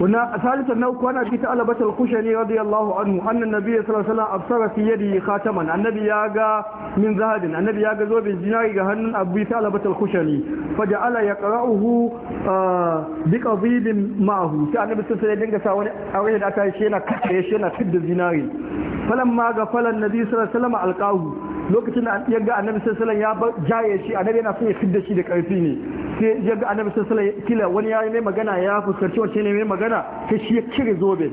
هنا ثالثا نوك وانا في تألبة الخشني رضي الله عنه أن النبي صلى الله عليه وسلم أبصر في يده خاتما النبي ياغا من ذهب النبي ياغا زوب الزناري غهن أبو تألبة الخشني فجعل يقرأه بقضيب معه سأل النبي صلى الله عليه وسلم أريد أولي الأتاي شينا كتري كد الزناري فلما غفل النبي صلى الله عليه وسلم ألقاه lokacin da ya ga annabi sallallahu ya jaye shi annabi yana son ya fidda shi da karfi ne sai yaga ga annabi sallallahu kila wani ya yi mai magana ya fuskanci wacce ne mai magana sai shi ya cire zobe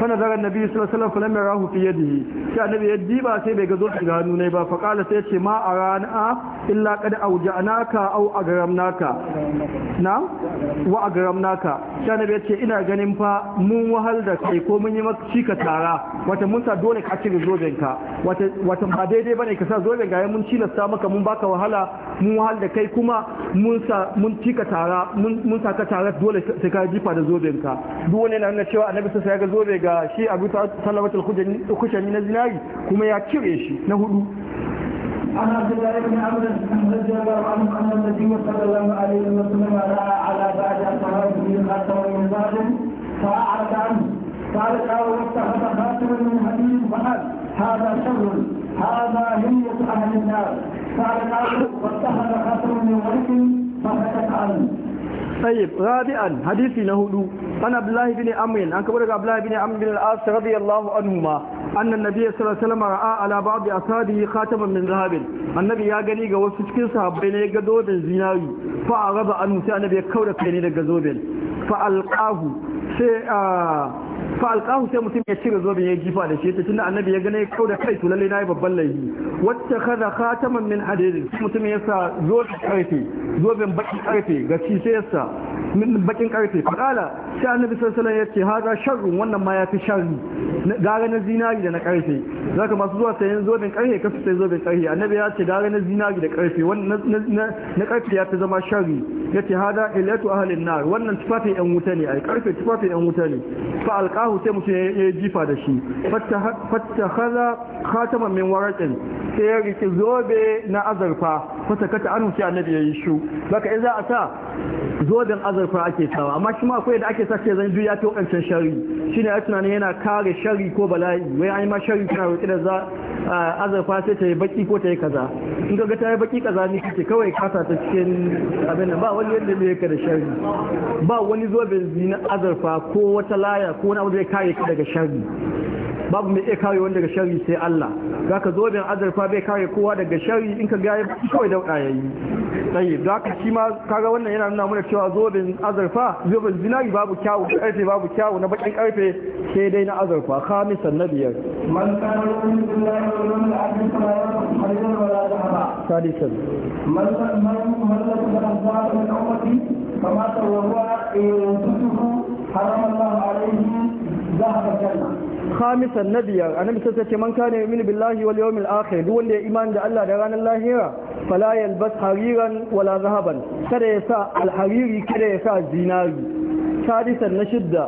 فنظر النبي صلى الله عليه وسلم فلم يراه fi يده sai النبي يدي با sai bai ga zurfi ga hannu ba fa qala sai ce ma arana illa qad auja'naka au agramnaka na wa agramnaka sai ina ganin fa mun wahal da kai ko mun yi maka cika tara wata mun sa dole ka cire zoben ka wata wata ba daidai bane ka sa zoben ga mun cilasta maka mun baka wahala mun wahal da kai kuma mun sa mun cika tara mun sa ka tara dole sai ka jifa da zoben ka duk wani na nuna cewa annabi sai ya ga zobe daga shi abu salamatul kushani na zinari kuma ya cire shi na hudu عن عبد الله بن رضي الله عنه ان النبي صلى الله عليه وسلم راى على بعد اصحابه خاتم من ذهب فاعرض عنه قال او اتخذ خاتما من حديد فقال هذا شر هذا همية اهل النار قال او واتخذ خاتما من غرق فسكت عنه طيب رابعا حديث نهدو عن عبد الله بن عمرو عن كبر عبد الله بن عمرو بن العاص رضي الله عنهما أن النبي صلى الله عليه وسلم رأى على بعض أصحابه خاتما من ذهب النبي يا غني ga wasu cikin sahabbai ne ga zoben zinari fa araba anhu sai annabi ya kaura kai ne daga zoben fa alqahu sai fa alqahu sai mutum ya cire zobin ya jifa da shi yace tunda annabi ya gane kau da kai to lalle nayi babban laifi wacce kaza khataman min hadid mutum ya sa zobin karfe zobin bakin karfe ga shi sai sa min bakin karfe faqala sai annabi sallallahu alaihi wasallam ce haza sharrun wannan ma yafi sharri gara na zinari da na karfe zaka masu zuwa sayan zobin karfe kasu sai zobin karfe annabi ya ce gara na zinari da karfe wannan na karfe ya fi zama sharri yace hada ilatu ahlin nar wannan tufafin yan wuta ne ai karfe tufafin yan wuta ne fa alqahu sai mutum ya jifa da shi fatta hala khataman min waraqin sai ya rike zobe na azurfa fata kata anhu sai annabi yayi shu baka idan za a sa zoben azarfa ake sawa amma shi ma akwai da ake sa sai zan duya to kancan shari shine ya tunanin yana kare shari ko bala'i wai ai ma shari kana roki da za azurfa sai ta yi baki ko ta yi kaza in ga ta yi baki kaza ni kace kawai kasa ta cikin abin nan ba wani yadda ne ka da shari ba wani zoben zina azurfa ko wata laya ko wani abu zai kare ka daga sharri babu mai iya kare wani daga sharri sai Allah za ka zo bin azurfa bai kare kowa daga sharri in ka gaya kawai dauɗa ya yi tsaye za ka shi ma kaga wannan yana nuna mana cewa zo bin azurfa zo bin zinari babu kyawu karfe babu kyawu na baƙin ƙarfe sai dai na azurfa khamisan na biyar man sadisan man da man حرم الله عليه ذهب الجنة خامسا نبيا أنا بسيطة من كان يؤمن بالله واليوم الآخر دون إيمان دا الله دران الله هيرا فلا يلبس حريرا ولا ذهبا كده يسا الحريري كده يسا زيناري سادسا نشدة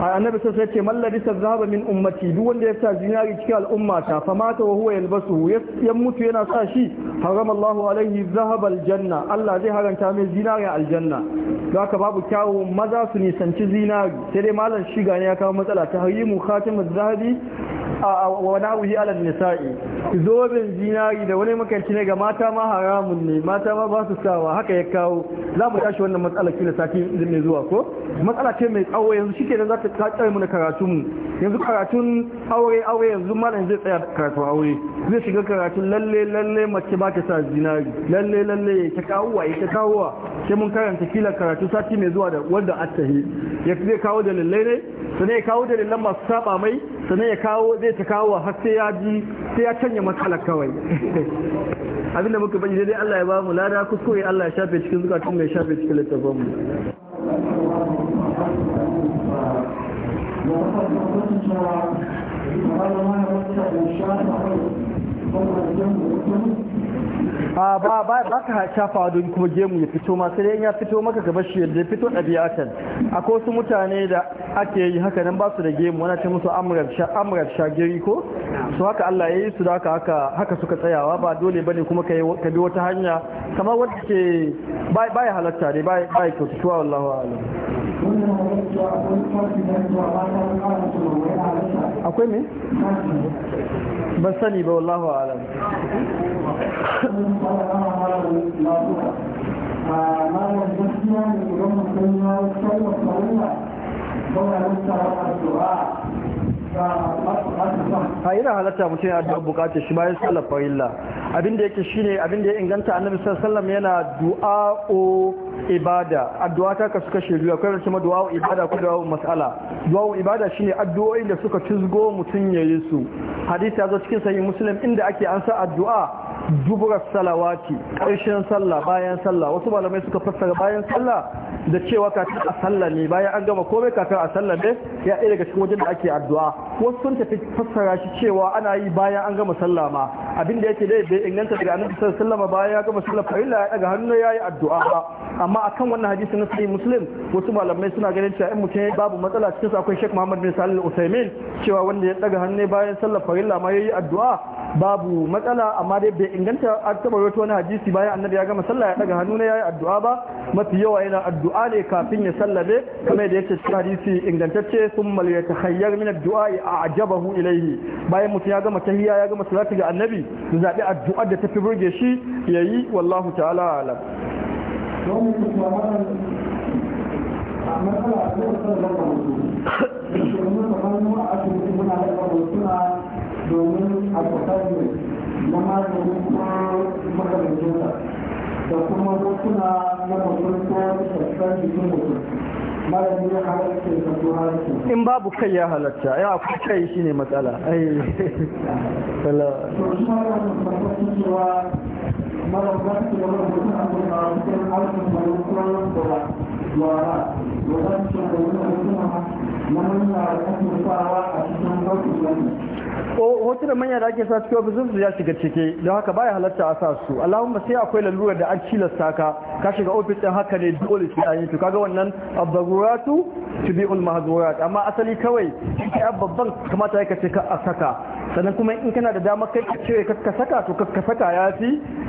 annabi sai sai ce mallari sa min ummati duk wanda ya sa zinari cikin al'umma ta fa mata wa mutu yana sa shi haramallahu alaihi zahabal janna Allah zai haranta mai zinari aljanna don haka babu kyawu maza su nisanci zinari sai dai malam shiga ne ya kawo matsala ta hayyi mu khatim zahabi a wani ala nisa'i zoben zinari da wani makanci ne ga mata ma haramun ne mata ma ba su sawa haka ya kawo za mu tashi wannan matsala kila sati mai zuwa ko matsala ce mai tsawo yanzu shi kenan za ta tsare mana karatu mu yanzu karatun aure aure yanzu malam zai tsaya karatun aure zai shiga karatun lalle lalle mace ba ta sa zinari lalle lalle ta kawowa ya ta kawowa sai mun karanta kila karatu sati mai zuwa da wanda attahi ya zai kawo lalle ne sannan ya kawo dalilan masu saba mai sannan ya kawo zai ta kawo har sai ya ji sai ya canja matsala kawai abinda muka bani dai Allah ya ba mu lada kuskure Allah ya shafe cikin zukatun mai shafe cikin littafin mu a ba ba ba ka shafa don kuma gemu ya fito ma sai ya fito maka gaba shi yadda ya fito ɗabi'atan akwai wasu mutane da ake yi haka nan ba su da gemu wani ce musu amurar shagiri ko su haka Allah ya yi su da haka haka suka tsayawa ba dole bane kuma ka bi wata hanya kamar wadda ke ba ya halatta ne ba ya kyautatuwa wallahu a'lam akwai me ban sani ba wallahu a'lam wanda kama malar lafiya a da gaskiya ne idan mutum ya taimaka wanda zauna lissa wa addu'a a yana halatta mutum ya addu'a bukatar shi bayan sallar farilla abinda yake shine abinda ya inganta annabi sallallahu alaihi yana du'a o ibada addu'a ta kasu kashe biyu akwai rashin du'a ibada ko du'a mas'ala du'a ibada shine addu'o'in da suka cizgo mutum ya yi su hadisi ya zo cikin sahih muslim inda ake an sa addu'a duburar salawati ƙarshen sallah bayan sallah wasu malamai suka fassara bayan sallah da cewa kafin a sallah ne bayan an gama komai kafin a sallah ne ya ɗaya daga cikin wajen da ake addu'a wasu sun tafi fassara shi cewa ana yi bayan an gama sallah ma abin da yake dai bai inganta daga annabi sallallahu alaihi bayan ya gama sallah farilla ya daga hannu ya yi addu'a ba amma akan wannan hadisi na sahih muslim wasu malamai suna ganin cewa in mutum babu matsala cikin akwai Sheikh Muhammad bin Salih Al-Utsaimin cewa wanda ya daga hannu bayan sallah farilla ma yayi addu'a babu matsala amma dai bai inganta a taba rawaito wani hadisi bayan annabi ya gama sallah ya daga hannu ne yayi addu'a ba mafi yawa yana addu'a ne kafin ya sallabe kamar da yake cikin hadisi ingantacce ta yatakhayyar min addu'a a a'jabahu ilaihi bayan mutum ya gama tahiyya ya gama salati ga annabi zabi addu'a da tafi burge shi yayi wallahu ta'ala alam domin a na maganin makamancinsa da kuma rukuna na mutum ko shafar jikin mutum in babu kai ya halatta ya akwai kai shi ne matsala hotunan manya da ake sa cikin ofisar ya shiga ciki don haka baya halatta a sa su allahumma sai akwai lalurar da an cilasta ka ka shiga ofis ɗin haka ne dole sai an yi to kaga wannan abdaru mahzuratu tubi'ul mahzurat amma asali kawai ita babban kamata ya ce ka saka sannan kuma in kana da dama kai ka cire ka saka to ka saka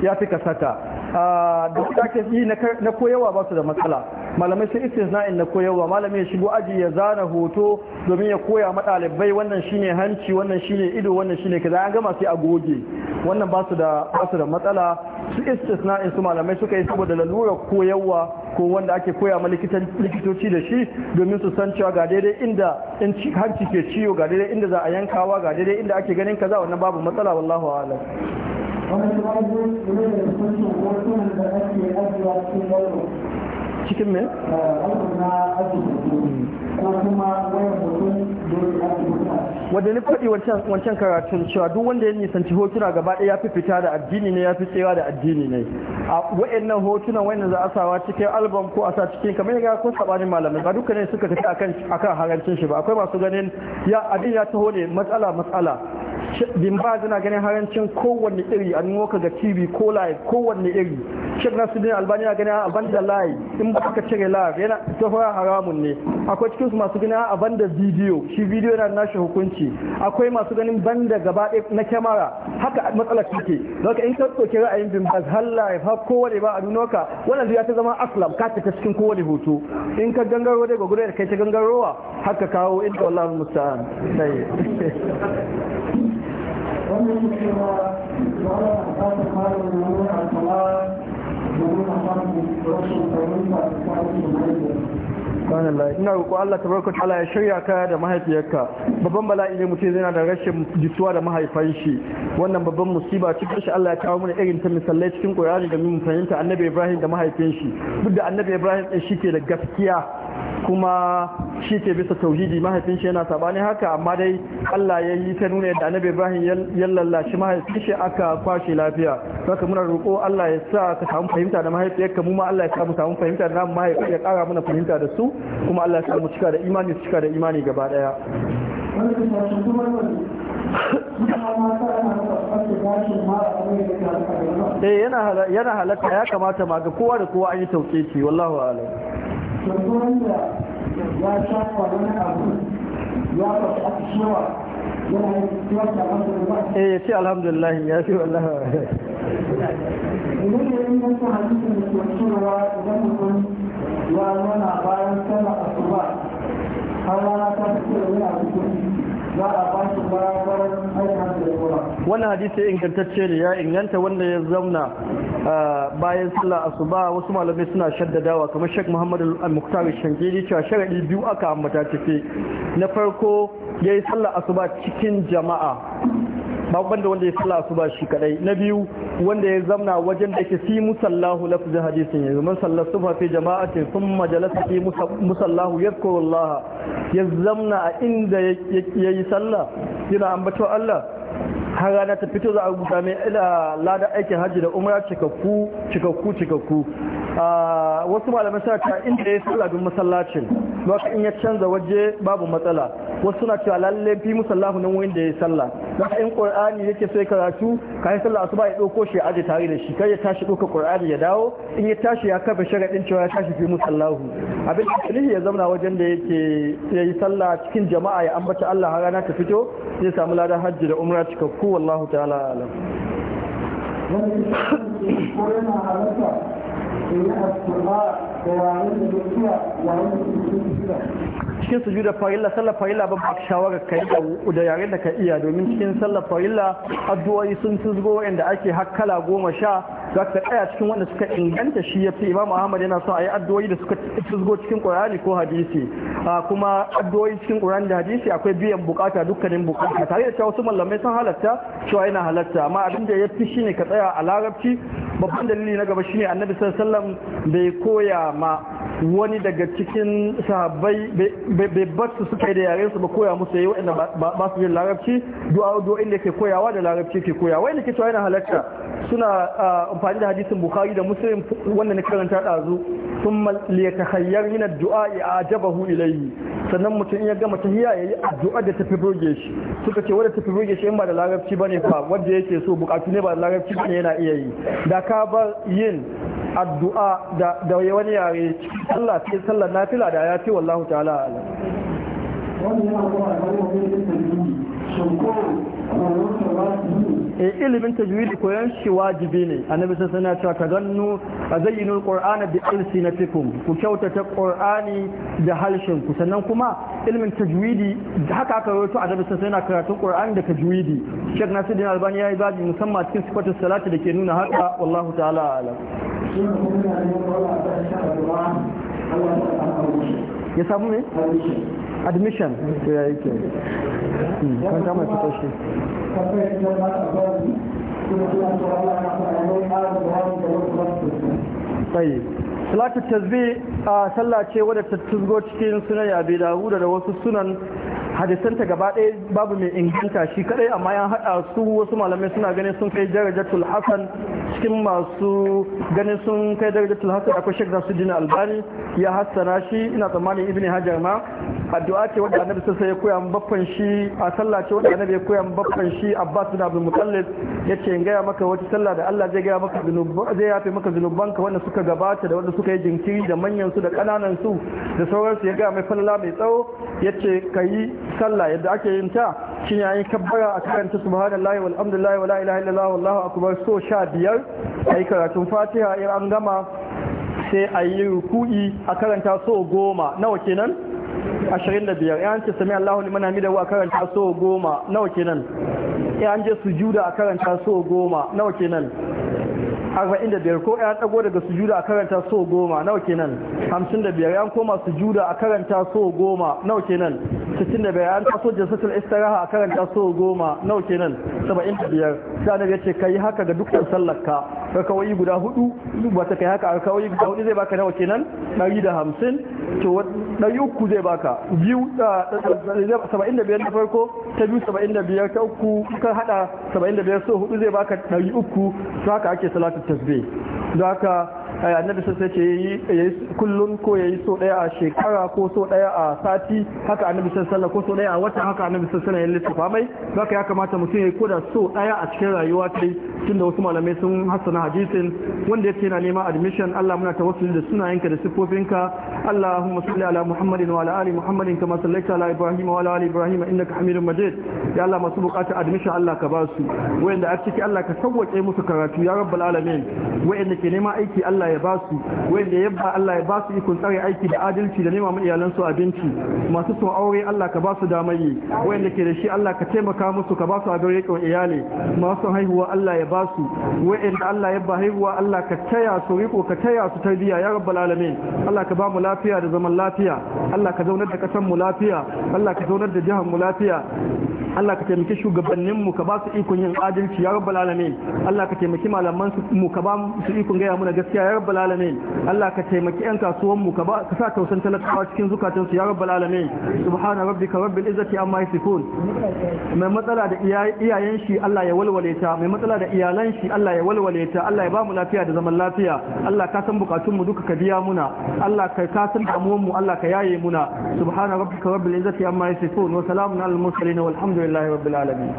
ya fi ka saka ah, da ke yi na koyawa ba su da matsala malamai sai istisna'in na koyawa malami ya shigo aji ya zana hoto domin ya koya ma ɗalibai wannan shine hanci wannan shine ido wannan shine kaza an gama sai a goge wannan ba su da ba su da matsala su istisna'in su malamai suka yi saboda lalurar koyawa ko wanda ake koya ma likitoci da shi domin su san cewa ga daidai inda in hanci ke ciwo ga daidai inda za a yankawa ga daidai inda ake ganin kaza wannan babu matsala wallahu a'lam cikin me? Mm. ko kuma wayan dole ake wanda ni faɗi wancan karatun cewa duk wanda ya nisanci hotuna gaba ɗaya ya fi fita da addini ne ya fi tsewa da addini ne a wa'annan hotunan wa'annan za a sawa cikin album ko a sa cikin kamar yadda kun sabanin malamai ba dukkanin suka tafi akan akan harancin shi ba akwai masu ganin ya abin ya taho ne matsala matsala bin ba zina ganin harancin kowanne iri a nuka ga tv ko live kowanne iri shek nasiruddin albani ya ganin a da live in ba ka cire live yana tafiya haramun ne akwai cikinsu su masu ganin a da bidiyo shi bidiyo yana nashi hukunci ciki akwai masu ganin banda gaba na kyamara haka matsalar take daga in ka soke ra'ayin bin baz halla ya fa kowane ba a nuna ka wannan ya ta zama aslam ka ta cikin kowane hoto in ka gangaro dai gwagwaro da kai ta gangarowa haka kawo inda wallahi musta'an sai wannan cewa ba ta fara a da subhanallah ina roƙo Allah tabaraka ta'ala ya shirya ka da mahaifiyarka babban bala'i ne mutum yana da rashin jituwa da mahaifan shi wannan babban musiba cikin shi Allah ya kawo mana irin ta misalai cikin Qur'ani da mun fahimta Annabi Ibrahim da mahaifin shi duk da Annabi Ibrahim din shi ke da gaskiya kuma shi ke bisa tauhidi mahaifin shi yana sabani haka amma dai Allah ya yi ta nuna yadda annabi Ibrahim ya lallashi mahaifin shi aka kwashe lafiya saka muna roƙo Allah ya sa ka samu fahimta da mahaifiyarka mu ma Allah ya sa mu samu fahimta da namu mahaifi ya ƙara mana fahimta da su kuma Allah ya mu cika da imani cika da imani gaba daya eh yana yana halatta ya kamata ma ga kowa da kowa an yi tauƙeci wallahu a'lam eh, ya ce alhamdulillah ya fi wallah ya nuna bayan sallar asuba har rana ta fito yana cikin za a ba shi bayan aikin da ya kura wannan hadisi ingantacce ne ya inganta wanda ya zauna bayan sallah asuba wasu malamai suna shaddadawa kamar Sheikh Muhammad Al-Muqtar Shangiri cewa sharadi biyu aka ambata ciki na farko yayi sallah asuba cikin jama'a babban da wanda ya sallah su ba shi kadai na biyu wanda ya zamna wajen da yake fi musallahu lafzi hadisin yanzu man sallar sufa fi jama'atin sun majalasa fi musallahu yadkurullaha ya zamna a inda ya yi sallah yana ambato Allah har rana ta fito za a rubuta mai ila lada aikin hajji da umra cikakku cikakku cikakku ah, wasu malamai suna ta inda ya sallah don masallacin ba in ya canza waje babu matsala wasu suna cewa lalle fi musallahu nan wurin da ya sallah ba in qur'ani yake sai karatu salla sallah ba ya dauko shi aje tare da shi kai ya tashi dauka qur'ani ya dawo in ya tashi ya kafa sharadin cewa ya tashi fi musallahu abin da ya zauna wajen da yake yi sallah cikin jama'a ya ambata Allah har rana ta fito zai samu ladan hajji da umra cikakku wallahu ta'ala alam wani ne ko yana halatta in yana da wayan da zuwa wayan da zuwa cikin sujudar farilla sallar farilla ba ba shawara ka yi da yare da ka iya domin cikin sallar farilla addu'o'i sun tuzgo inda ake hakkala goma sha za ka tsaya cikin wanda suka inganta shi yafi imam ahmad yana so a yi addu'o'i da suka tuzgo cikin qur'ani ko hadisi kuma addu'o'i cikin qur'ani da hadisi akwai biyan bukata dukkanin bukata tare da cewa wasu malamai sun halatta cewa yana halatta amma abin da yafi shine ka tsaya a larabci babban dalili na gaba shine annabi sallallahu alaihi wasallam bai koya ma wani daga cikin sahabbai bai basu suka yi da yare su ba koya musu yayi wa'anda ba su yin larabci du'a du'a inda ke koyawa da larabci ke koyawa wanda ke cewa yana halatta suna amfani da hadisin bukhari da muslim wanda na karanta dazu thumma liyatahayyar min ad-du'a ajabahu ilayhi sannan mutum ya gama tahiyya yayi addu'a da tafi burge shi suka ce wanda tafi burge shi in ba da larabci bane fa wanda yake so bukatu ne ba da larabci ne yana iya yi da ka bar yin addu'a da wani yare Allah sai sallar nafila da ya ce wallahu ta'ala wanda yana tajwidi ko eh, ilimin tajwidi koyon shi wajibi ne annabi sun sana cewa ta gannu a da qur'ana bi alsinatikum ku kyautata qur'ani da halshin ku sannan kuma ilimin tajwidi haka aka rawaito annabi sun sana karatun qur'ani da tajwidi shek nasiruddin albani ya yi babi musamman cikin sifatus salati da ke nuna haka wallahu ta'ala alam Allah ya samu ne admission to ya yi ke kan kama ta shi tsaye salatu tasbih a sallah ce wadda ta tuzgo cikin sunan abi dawud da wasu sunan hadisanta gaba ɗaya babu mai inganta shi kadai amma ya haɗa su wasu malamai suna ganin sun kai darajatul hasan cikin masu ganin sun kai daraja hasan akwai shek dina albani ya hassana shi ina tsammanin ibn hajar ma addu'a ce wadda annabi sai ya koya shi a sallah ce wadda annabi ya koya baffan shi abbas bin abdul mutallib yace in gaya maka wata sallah da Allah zai gaya maka zunuban zai yafe maka zunubanka wanda suka gabata da wanda suka yi jinkiri da manyan su da kananan su da sauransu ya gaya mai falala mai tsawo yace yi. sallah yadda ake yin ta shine ayi kabbara a karanta subhanallahi walhamdulillahi wala ilaha illallah wallahu akbar so 15 ayi karatun fatiha in an gama sai ayi ruku'i a karanta so goma nawa kenan 25 an ce sami Allahu liman hamidahu a karanta so goma nawa kenan an je sujuda a karanta so goma nawa kenan 45 ko ya dago daga sujuda a karanta so goma nawa kenan 55 ya koma sujuda a karanta so goma nawa kenan 65 ya taso jasatul istiraha a karanta so goma nawa kenan 75 sai annabi ya ce kai haka ga dukkan sallarka rakawai guda hudu ba ta kai haka rakawai guda hudu zai baka nawa kenan ɗari da hamsin to ɗari uku zai baka biyu saba'in da biyar na farko ta biyu saba'in da biyar ta uku kan haɗa saba'in da biyar so hudu zai baka ɗari uku to haka ake salatu tasbih don haka annabi sai ce yayi kullun ko yayi so daya a shekara ko so daya a sati haka annabi sallallahu ko so daya a wata haka annabi sallallahu ya lissafa mai haka ya kamata mutum yayi koda so daya a cikin rayuwa ta tun da wasu malamai sun hassana hadisin wanda yake yana neman admission Allah muna tawassuli da sunayenka da sifofinka Allahumma salli ala Muhammadin wa ala ali Muhammadin kama sallaita ala Ibrahim wa ala ali Ibrahim innaka Hamidum Majid ya Allah masu bukatar admission Allah ka basu su wayanda a ciki Allah ka sauwake musu karatu ya rabbal alamin wayanda ke neman aiki Allah ya ba su wanda ya ba Allah ya ba su ikon tsare aiki da adalci da nema mu iyalan su abinci masu son aure Allah ka ba su damayi wanda ke da shi Allah ka taimaka musu ka ba su abin rikon iyali masu haihuwa Allah ya ba su wanda Allah ya ba haihuwa Allah ka taya su riko ka taya su tarbiya ya rabbal alamin Allah ka ba mu lafiya da zaman lafiya Allah ka zaunar da kasan mu lafiya Allah ka zaunar da jihar mu lafiya Allah ka taimaki shugabannin mu ka ba su ikon yin adalci ya rabbal alamin Allah ka taimaki malaman mu ka ba su ikon gaya muna gaskiya ya rabbal alamin Allah ka taimaki yan kasuwan mu ka sa tausan talakawa cikin zukatan su ya rabbal alamin subhana rabbika rabbil izzati amma yasifun mai matsala da iyayen shi Allah ya walwale ta mai matsala da iyalan shi Allah ya walwale ta Allah ya ba mu lafiya da zaman lafiya Allah ka san bukatun mu duka ka biya muna Allah ka ka san damuwan mu Allah ka yaye muna subhana rabbika rabbil izzati amma yasifun wa salamun alal mursalin walhamdulillahi rabbil alamin